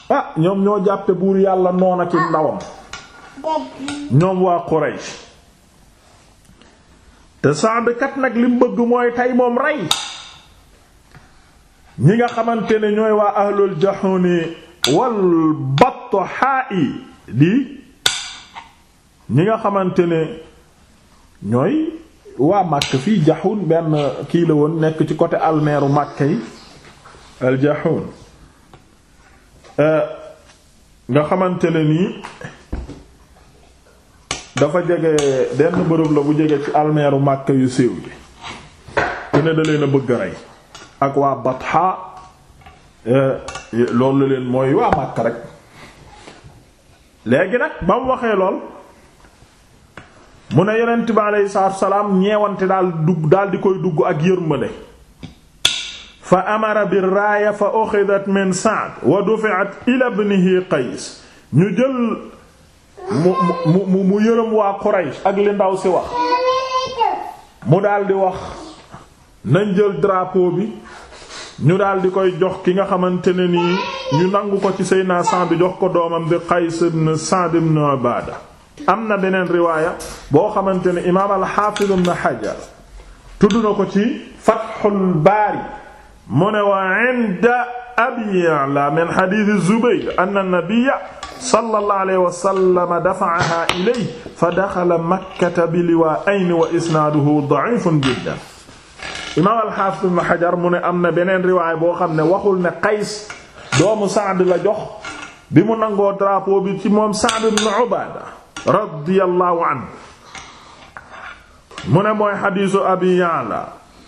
ah ñoom ñoo jàppe buur yàlla noon ak ndawam ñoom waa Quraysh te Sa'd nag li mu bëgg mooy tey moom rey ñi nga xamante ne ñooy waa ahlul jahuni wal at ñi nga xamante ne ñooy waa Makka fii Jaxuun benn kii la woon nekk ci côté almeeru Makka yi al eh, nga xamante ne nii dafa jege benn bërëb la bu jege ci almeeru Makka yu siiw bi ku ne da leen a bëgg a rey ak waa Batha eh, loolu leen mooy waa Makka rek léegi nag ba mu waxee lool mu ne yonent bi aleyhi salaatu salaam ñeewante daal dugg daal di koy dugg ak yërmande fa amara bi raaya fa uxidat min Sa'd wa dufi'at ila ibnihi Qays ñu jël mu mu mu mu yërëm waa Quraysh ak li ndaw si wax mu daal wax nañ jël drapo bi ñu daal di koy jox ki nga xamante ne nii ñu nangu ko ci Seydina bi jox ko doomam bi Qays ibn Sa'd ibn Ubaada am na beneen riwaaya boo xamante ne imaam al-Haafiz ibn Hajar tudd na ko ci Fathul Baari mu ne wa Abi Ya'la min hadiis Zubayr anna nabiyya sallallahu alayhi wa sallam fa daxala Makkata bi liwaa'ayni wa isnaaduhu da'iifun jiddan imaam al-Hafiz ibn mu ne am na beneen riwaay boo xam ne waxul ne Qays doomu Sa'd la jox bi mu nangoo drapeau bi ci moom Sa'd ibn Ubaada radiyallahu anhu mu ne mooy xadiisu Abi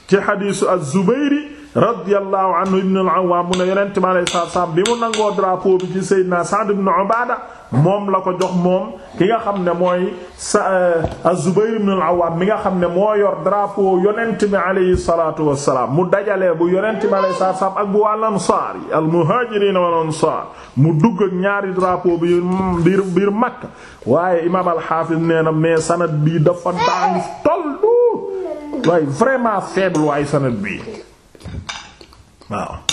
ci xadiisu az-Zubayri radiyallahu anhu ibn mu ne yonent bi alayhi salaam bi mu nangoo drapeau bi ci Seydina Sa'd ibn Ubaada moom la ko jox moom ki nga xam ne mooy sa eh, az-Zubayr ibn al-Awwam nga xam ne moo yor drapeau yonent bi alayhi salaatu wassalaam mu dajale bu yonent bi alayhi salaatu wassalaam ak bu wàll ansaar yi al-muhaajiriin wal ansaar mu dugg ñaari drapeau bi biir biir Makka waaye imaam al-Haafiz nee na mais sanad bi dafa daif tollu waaye vraiment faible waaye sanad bi waaw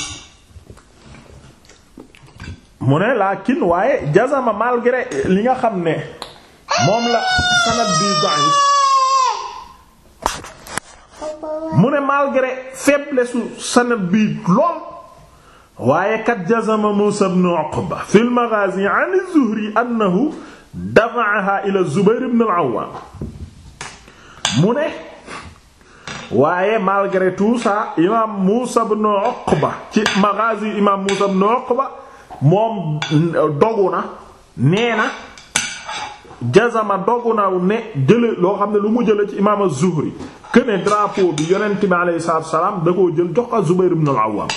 mu ne laakin waaye jazama malgré li nga xam ne moom la sanad bi da'if mu ne malgré faiblesse su sanad bi lool waaye kat jazama Muusaa ibn Uqba fi al-Maghaazi an az-Zuhri annahu dafa'ahaa ila Zubayr ibn al-Awwaam mu ne waaye malgré tout ça imaam Muusaa ibn Uqba ci Maghaazi imaam Muusaa ibn Uqba moom dogu na nee na jazama dogu na ne jële loo xam ne lu mu jële ci imaam az-Zuhri këne drapeau bi yonent bi alayhi salaam da koo jël jox ko Zubayr ibn al-Awwam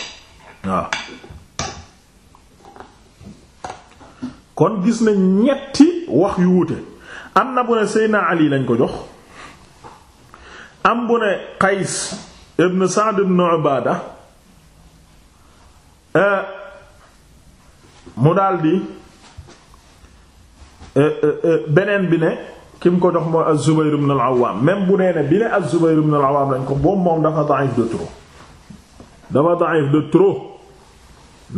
kon gis na ñetti wax yu wuute am na bu ne Seydina Ali lañ ko jox am bu ne Qays ibn Sa'd ibn Ubaada eh, mu daldi e, e, e, beneen bi ne ki ko jox mooy az-Zubayr ibn al-Awwam même bu nee ne bi ne az-Zubayr ibn al-Awwam lañ ko boobu moom dafa da'if de trop dafa da'if de trop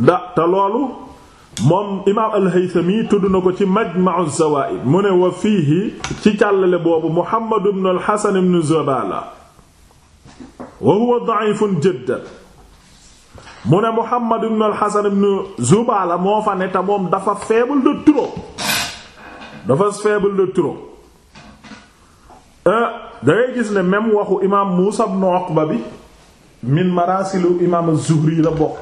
ndax te loolu moom imaam al-Haythami tudd na ko ci Majma'u az-Zawaa'id mu ne wa fiihi ci càllale boobu Muhammad ibn al-Hasan ibn Zabala wa huwa da'ifun jiddan mu ne Muhammad ibn al-Hasan ibn Zubala moo fa ne te moom dafa faible de trop dafa faible de trop euh, da gis ne même waxu imaam Muusa ibn Uqba bi min marasilu imaam Zuhri la bokk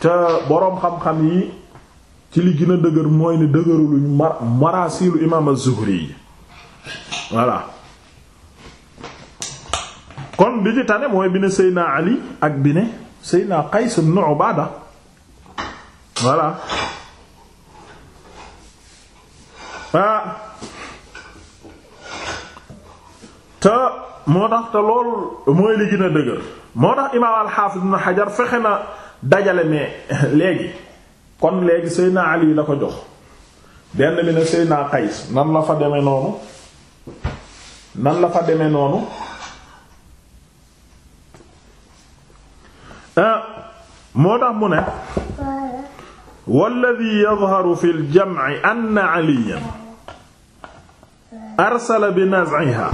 te boroom xam-xam yi ci li gën a dëgër mooy ne dëgëraluñu mar marasilu imaam Zuhri yi voilà kon bi ci tane mooy bi ne Seydina Ali ak bi ne Seydina Qays ibn Ubaada voilà ah te moo tax te loolu mooy li gën a dëgër moo tax imaam al-Hafiz ibn fexe na dajale mais [laughs] léegi kon léegi Seydina Ali la ko jox benn bi ne Seydina Qays nan la fa demee noonu nan la fa demee noonu Ah, moo tax mu ne walladi yadharu fi ljamci anna aliyan arsala bi nazciha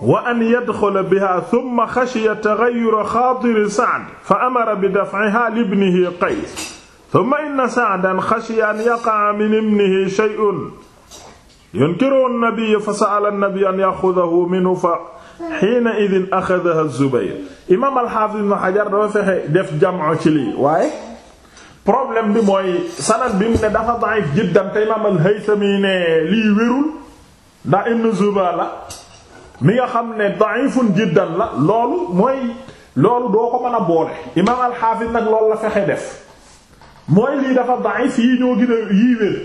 wa an yadxula biha thumma xashiya tagayyura xaatiri sacd fa amara bi dafciha libnihi qays thumma inna sacdan xashiya an yaqaca min ibnihi shay'un yunkiru nabiyyu fa sa'ala nabiyyu an yaxudahu minhu fa xiina idin axadaha Zubayr imaam al fexe def jamco ci lii waaye problème bi mooy sanad bi mu ne dafa da'if jiddan te imaam al-Haythami ne lii wérul ndax ibn Zubayr la mi nga xam ne da'ifun jiddan la loolu mooy loolu doo ko mën a boole imaam al nag loolu la fexe def mooy lii dafa da'if yii ñoo gën a yii wér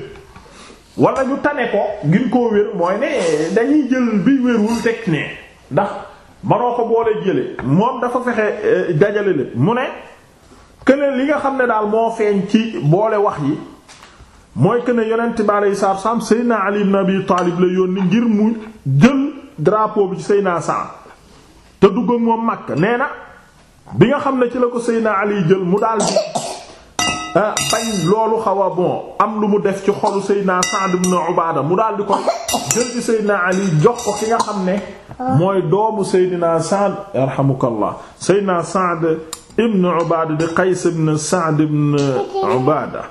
wala ñu tane ko gin koo wér mooy ne dañuy jël bi wérul teg ne ndax manoo ko boolee jële moom dafa fexe eh, dajale lépp mu ne këne li nga xam ne daal moo feeñ ci boole wax yi mooy këne yonent bi aleyhi salaatu salaam Seydina Ali ibn Abi Taalib la yoon ni ngir mu jël drapeau bi ci Seydina Sa'd te dugg ak moom Makka nee na bi nga xam ne ci la ko Seydina Ali jël mu daal bañ ah, loolu xaw a am lu mu def ci xolu Seydina Sa'd ibn Ubaada mu daal di ko jël ci Seydina Ali jox ko ki nga xam ne mooy doomu Seydina Sa'd yarhamukallah Seydina Sa'd ibn Ubaada di Qays ibn Sa'd ibn Ubaada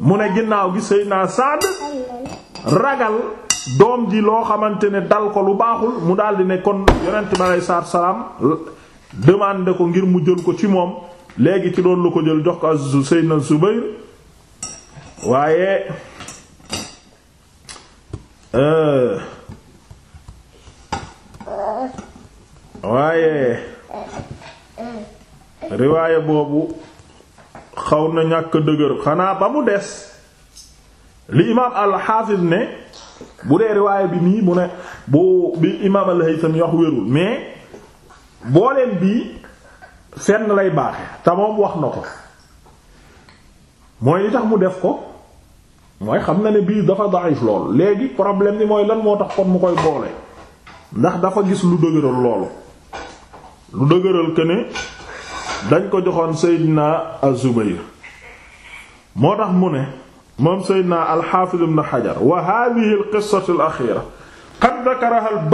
mu ne ginnaaw gi Seydina Sa'd ragal doom ji loo xamante ne dal ko lu baaxul mu daal di ne kon yonent bi aleyhi salaatu wa demande ko ngir mu jël ko ci moom léegi ci doon la ko jël jox ko as Seydina Zubayr waaye euh, waaye riwaaye boobu xaw na ñàkk dëgër xanaa ba mu des li imaam al-Hafiz ne bu dee riwaaye bi nii mu ne bu bi imaam al-Haythami wérul mais booleen bii fenn lay baaxe te moom wax na ko mooy li tax mu def ko mooy xam na ne bii dafa daif lool léegi problème ni mooy lan moo tax kon mu koy boole ndax dafa gis lu dëgëral loolu lu dëgëral que dañ ko joxoon Seydina Az-Zubayr moo tax mu ne moom Seydina naa hafiz ibn Hajar wa hadhihi al-qissatu al-akhira qad dhakaraha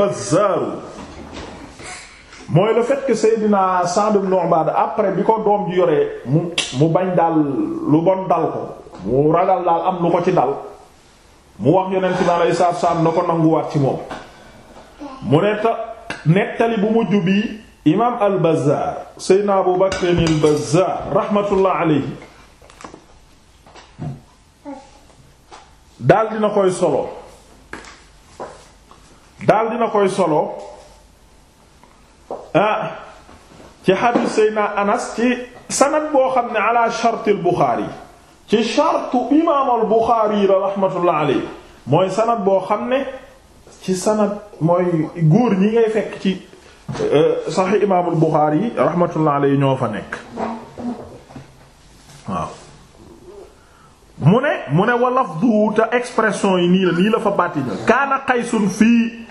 mooy le fait que Seydina Sa'd ibn après bi ko doom ji yore mu mu bañ daal lu bon dal ko mu ragal daal am lu ko ci dal mu wax yonent bi alayhi salaatu salaam na ko nanguwaat ci moom mu netta nettali bu mujj bi imaam al Bazzaar Seydina Abu Bakr al Bazzaar rahmatullah alayhi daal dina koy solo daal dina koy solo Ah, ci xadiis Seydina Anas ci sanad boo xam ne ala shartil Buxaari ci shartu imaamal Buxaari la rahmatullah alayhi mooy sanad boo xam ne ci sanad mooy góor ñi ngay fekk ci eh, saxi imaamul Buxaari rahmatullah alayhi ñoo fa nekk waaw mu ne mu ne wa lafdu te expression yi nii la nii la fa bàtti na kaana Qaysun fii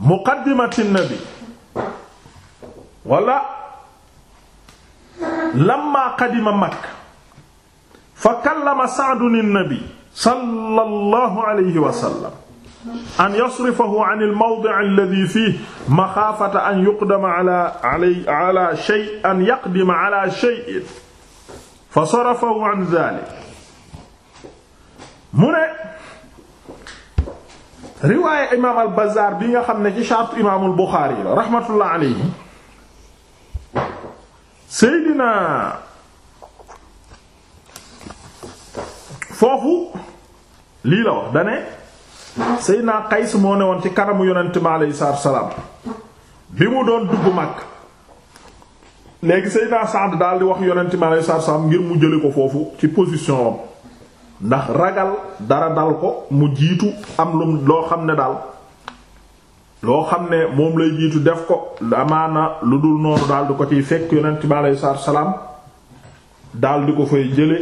muqaddimati nabi wala lamma qadima makka fa kallama sa'dun an-nabi sallallahu alayhi wa sallam an yasrifahu an al-mawdi' alladhi fihi maxaafata an yuqdama ala ala shay an yaqdima ala shay fasarafahu an dhalik mu ne riwaaya imaam al-Bazzaar bi nga xam ne ci sharh imaam al-Buxaari la rahmatullah alayhi Seydina foofu lii la wax dane Seydina Qays moo ne woon ci kanamu yonent mi aleyhi salaatu salaam bi mu doon dugg mag léegi Seydina Saad daal di wax yonent mi aleyhi salaatu salaam ngir mu jële ko foofu ci position am ndax ragal dara dal ko mu jiitu am lu loo xam ne daal loo xam ne moom lay jiitu def ko amaana lu dul noonu daal di ko ciy fekk yonent bi aleyhi salaam daal di ko fay jële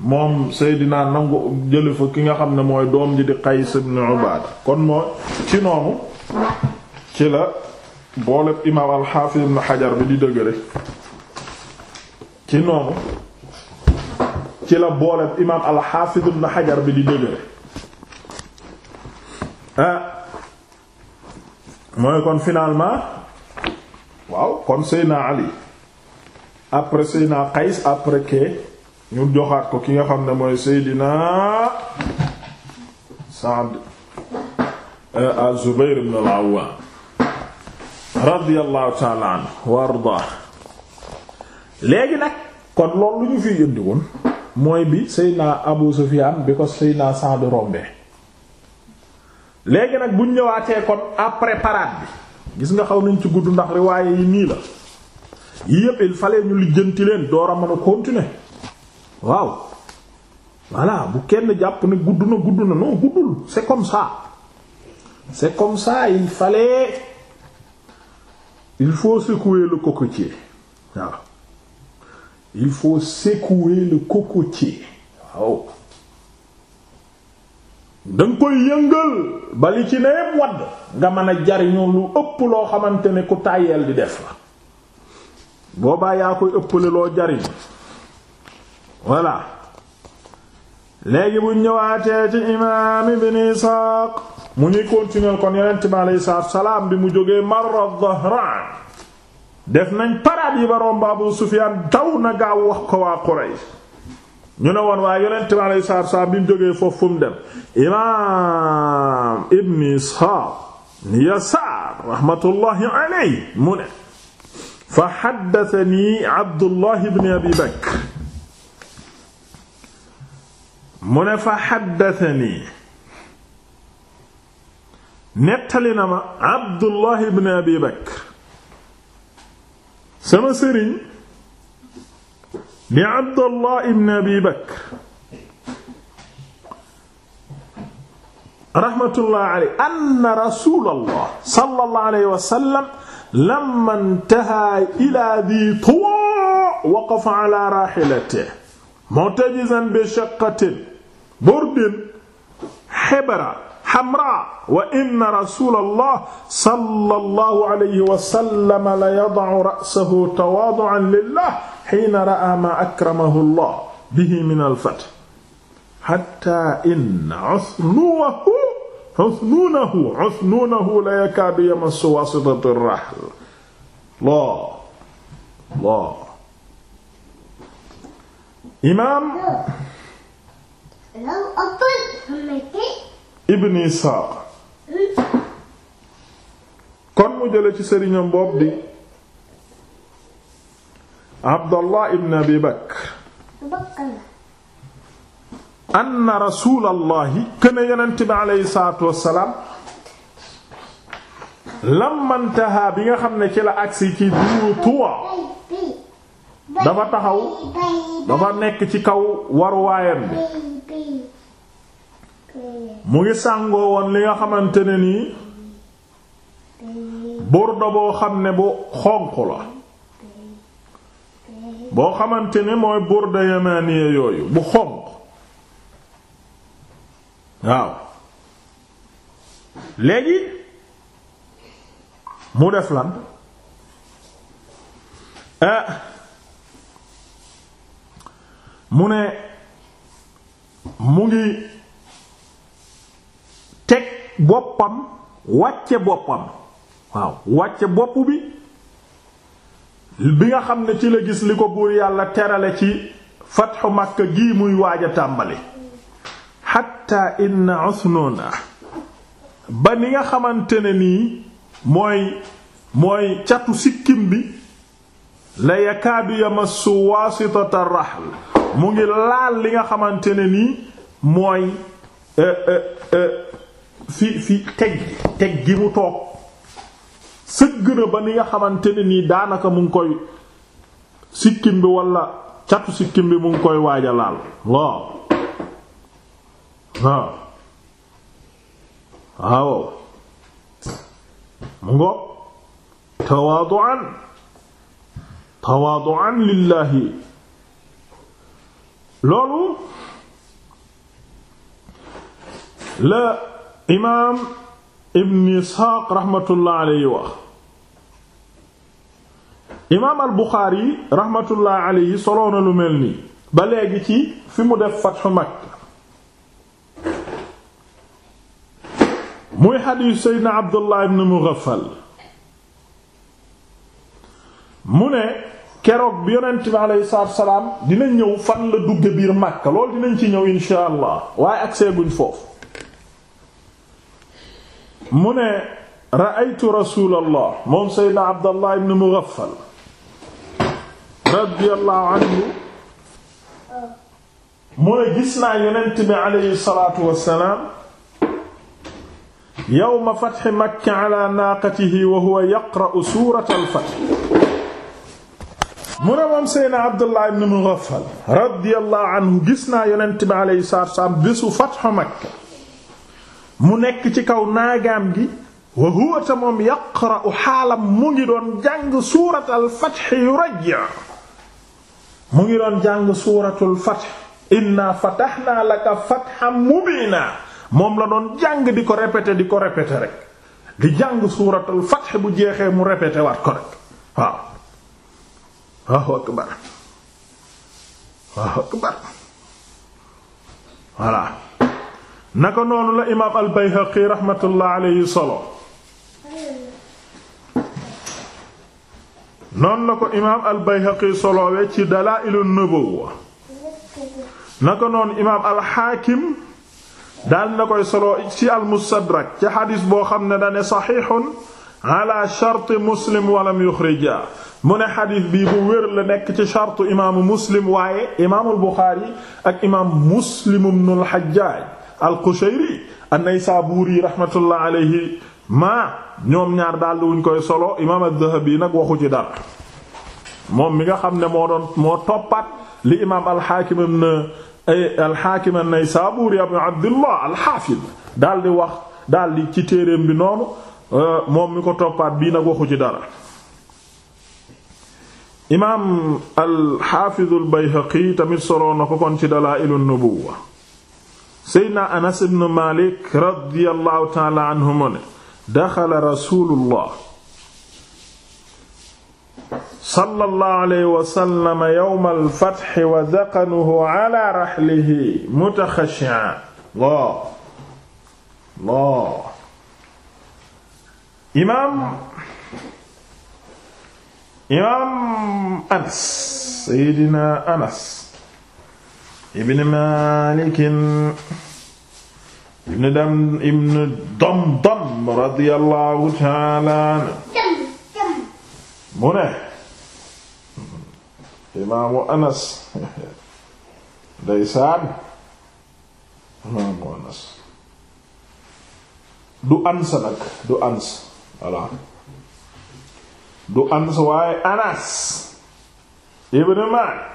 moom Seydina nangu jële fa ki nga xam ne mooy doom ji di Qays ibn Ubaada kon mooy ci noonu ci la booleb imaam al-Hafiz ibn bi di dëgëre ci noonu ci la booleb imaam al-Hafiz ibn bi di dëgëre ah, mooy kon finalement waaw kon Seyna Ali après Seyna Qays après que ñu joxaat ko ki nga xam ne mooy Seydina Saad euh, az-Zubayr ibn al-Awwam radiyallahu ta'ala wa ardaa léegi nag kon loolu lu ñu fi yëndi woon mooy bi Seyna Abu Sufyan bi ko Seyna Saad rombe léegi nag buñ ñëwaatee kon après parade bi gis nga xaw nañ ci gudd ndax riwaaye yi nii la yii il fallait ñu lijjanti leen door a mën a continuer waaw voilà bu kenn jàpp ne gudd na gudd na non guddul c'est comme ça c'est comme ça il fallait il faut secouer le cocotier waaw il faut secouer le cocotier waaw dañ koy yëngal ba ci ne yépp wadd nga mën a jariñu lu ëpp loo xamante ne ku tàyyeel di def la boobaa yaa koy ëppale loo jariñ voilà léegi bu ñëwaatee ci imaam ibn Isaaq mu ñuy continuer kon yonent bi aleyhi salaatu salaam bi mu jógee marra Dhahraan def nañ parade yi ba romb Abu Sufyaan daw na gaaw wax ko waa Quraysh ñu ne woon waa yonent bi alayhi salaatu salaam bi mu jógee foofu dem imaam Ibn Isxaaq Yasaar rahmatullahi mu ne fa haddathanii Abdullahi ibn Abi Bakr mu ne fa haddathanii nettali na ma Abdullahi ibn Abi Bakr sama sëriñ di Abdallah ibn Abi Bakr rahmatullah alayhi anna rasulallah sallallahu alayhi wa sallam lamma intaha ila dhi Tuwa waqafa ala rahilatihi mu'tajizan bi shaqqatin burdin hibra hamra wa inna rasulallah sallallahu alayhi wa sallam la yada'u ra'sahu tawadu'an lillah xiina ra'a ma akramahu llah bihi min alfath xatta in osnuwahu osnuunahu osnuunahu la yakaadu yamassu wasitata rahl laa laa imaam ibn Isaaq kon mu jële ci sëriñam boobu di Abdallah ibn Abi Bakr anna rasulallahi kën a yonent bi aleyhi salaatu wassalaam lamantaha bi nga xam ne ci la agsi ci duuru Tuwa dafa taxaw dafa nekk ci kaw waruwaayam bi mu ngi sàngoo woon li nga xamante ne nii burda boo xam ne bu xonq la boo xamante ne mooy burda yamaniya yooyu bu xonq waaw léegi mu def lan ah mu ne mu ngi teg boppam wàcce boppam waaw wàcce bopp bi bi nga xam ne ci la gis li ko buur yàlla terale ci fatxu makk gi muy waaj a tàmbali xatta inna usnuna ba ni nga xamante ne nii mooy mooy catu sikkim bi la yakaadu yamassu waasitata rahl mu ngi laal li nga xamante ne nii mooy eh, eh, eh, fi fi teg teg gi mu toog sëgg na ba ni nga xamante nii daanaka mu ngi koy sikkim bi wala catu sikkim bi mu ngi koy waaj a laal waaw waaw waaw mu ngo tawaadu'an tawaadu'an lillaahi loolu la imaam ibn Isxaaq raxmatullahi alayhi imaam al Buxaari rahmatullah alayhi soloo na lu mel nii ba léegi ci fi mu def fatxu Makka muy xadiis seydna Abdullah ibn Mughaffal mu ne keroog bi yonent bi aleyhi salaatu wa salaam dina ñëw fan la dugg biir Makka loolu dinañ ci ñëw insha allah waaye ak seeguñ foofu mu ne ra'aytu rasuulallah moom seydna Abdullah ibn Mughaffal radiyallahu anhu mu ne gis naa yonent bi aleyhi salaatu wassalaam yawma fathi makka ala naaqatihi wa huwa yaqra'u suuratal fath mu ne moom Seydina Abdullah ibn Mughaffal radiyallahu anhu gis naa yonent bi aleyhi salaatu wassalaam bésu fathu makka mu nekk ci kaw naagaam gi wa huwa moom yaqra'u xaalam mu ngi doon jàng suuratal fath yurajja mu ngi doon jàng suuratul fath inna fatahnaa laka fathan mubiina moom la doon jàng di ko répété di ko répété rek di jàng suuratul fath bu jeexee mu répété waat ko rek waaw waaw akbar waaw akbar voilà naka noonu la imaam al-Bayhaqi rahmatullah alayhi solo noonu la ko imaam al-Bayhaqi soloowe ci Dalaa'ilun Nubuwwa naka noonu imaam al daal na koy solo ci al ci xadis boo xam ne dane saxiixun ala sharti Muslim walam yuxrija mu ne xadis bii bu wér la nekk ci shartu imaamu Muslim waaye imaamul Buxaari ak imaam Muslim ibnul Hajjaaj al-Qushayri an-Naysaabuuri ma ñoom ñaar daal wuñ koy solo imaam az-Zahabi nag waxu ci dara moom mi nga xam ne moo doon moo toppaat li imaam al-Hakim ibn al-Hakim an-Naysaburi Abu Abdullah al-Hafiz daal di wax daldi ci téereem bi noonu euh, moom mi ko toppaat bii nag waxu ci dara. imaam al-Hafiz al-Bayhaqi tamit solo na ko kon ci Dalaa'il an-Nubuwwa Seydina Anas ibn Malik radiyallahu ta'ala anhu daxala rasulullah sallallahu alayhi wa sallam yawmal fath wa daqanuhu ala rahlihi mutaxashi'an Allah Allah imaam imaam Anas Seydina Anas ibn Maalik ibn dam ibn Damdam radiyallahu ta'ala mu ne imaamu Anas ndeysaan imaamu Anas du ansa nag du ans voilà du ans waaye Anas ibn Maalik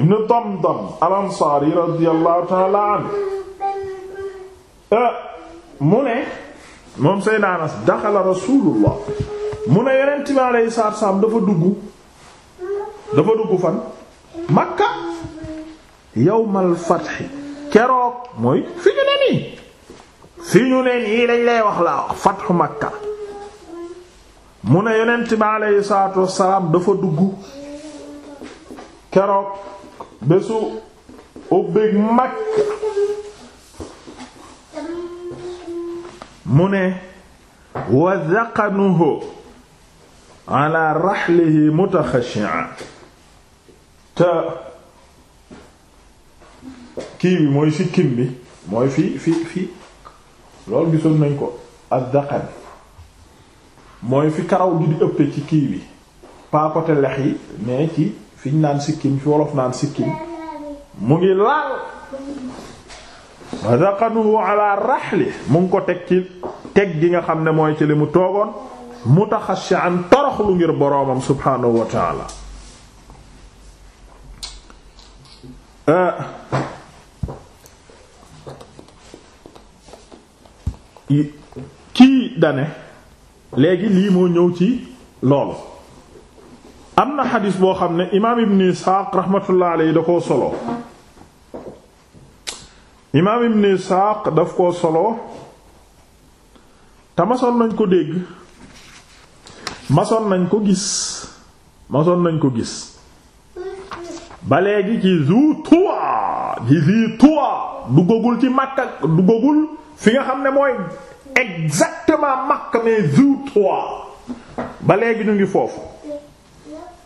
ibn Damdam al-Ansaari radiyallahu ta'ala anhu Euh, mu ne moom Seydina Anas daxala rasulullah mu ne yonent bi alayhi salaatu salaam dafa dugg dafa dugg fan Makka yawmal fath keroog mooy fi ñu ne nii fi ñu ne nii lañ lay wax laa wax fathu Makka mu ne yonent bi alayhi salaatu wassalaam dafa dugg keroog bésu ubbeek Makka mu ne wa dhaqanuhu ala rahlihi mutakhashi'a te kii bi mooy sikkim bi mooy fi fii fii loolu gisoon nañ ko ak daqan mooy fi karaw gi di ëpp ci kii bi pas côté lex yi mais ci fiñ naan sikkim fi wolof naan sikkim mu ngi laal razaqanuhu ala raxli mu ngi ko teg ci teg gi nga xam ne mooy ci li mu toogoon mutaxashi'an toroxlu ngir boroomam subhaanahu wa taala kii dane léegi lii moo ñëw ci loolu am na xadiis boo xam ne imaam ibn Isxaaq raxmatullahi alayhi da koo solo imaam ibn Isaaq daf koo solo te masoon nañ ko dégg masoon nañ ko gis masoon nañ ko gis ba léegi ci zu tuwa duggagul ci Makka duggagul fi nga xam ne mooy exactement Makka mais zu tuwa ba léegi ñu ngi foofu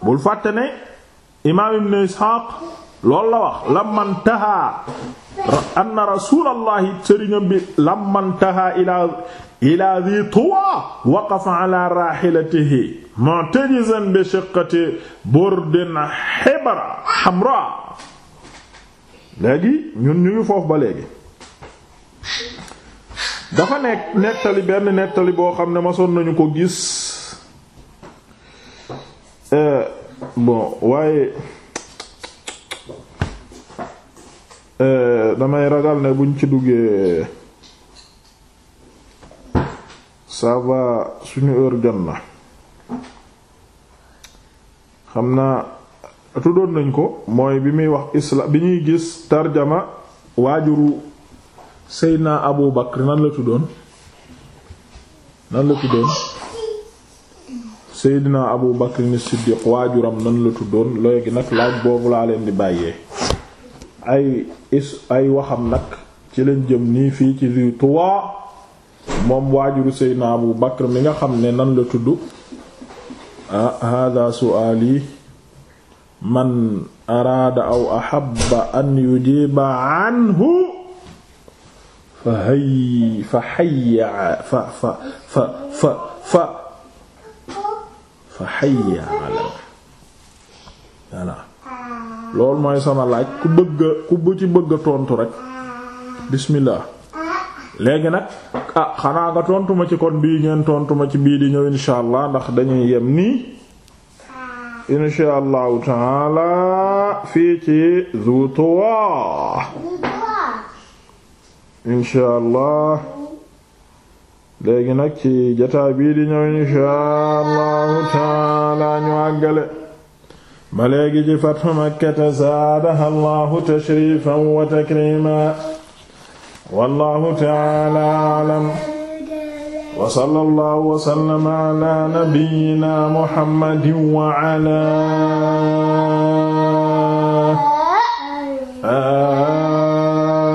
bul fàtte ne imaam ibn Isaaq loolu la wax lamman taha anna rasulallahi sëriñam bi lamantaha ila ila di tuwa waqafa ala rahilatihi mu'tajizan bi shiqqati burdin hibra hamra léegi ñun ñu ngi foofu ba léegi dafa nekk nettali benn nettali boo xam ne masoon nañu ko gis euh, bon waaye Euh, damay ragal ne buñ ci duggee ça suñu heure jot na xam naa tuddoon nañ ko mooy bi muy wax islam bi ñuy gis tarjama waajuru Seydina Abu Bakr nan la tuddoon nan la tuddoon Seydina Abu Bakr ni Siddiq waajuram nan la tuddoon léegi nag laaj boobu laa leen di bàyyee ay waxam nag ci lañ jëm nii fii ci Dhi Tuwa moom waajuru Seydina Abu Bakr mi nga xam ne nan la tudd ah hada su'ali man araada aw ahabba an yujiba anhu fa hay fa hayya fa fa fa fa fa fa hayya ala loolu mooy sama laaj ku bëgg ku bu ci bëgg a tontu rek bismillah léegi nag ah xanaa nga tontu ci kon bii ngeen tontu ci bii di ñëw insha allah ndax dañuy yem nii insha allahu taala fii ci Dhu Tuwa insha allah léegi nag ci jotaay bii di ñëw insha allahu ñu àggale ba léegi ci fathu makkata zaadaha allahu tashrifan wa takrima wallahu ta'ala a'lam wa sallallahu wa sallama ala nabiyyina muhammadin wa ala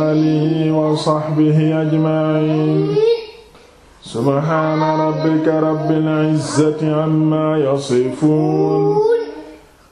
alihi wa sahbihi ajma'in subhana rabbika rabbil izzati amma yasifun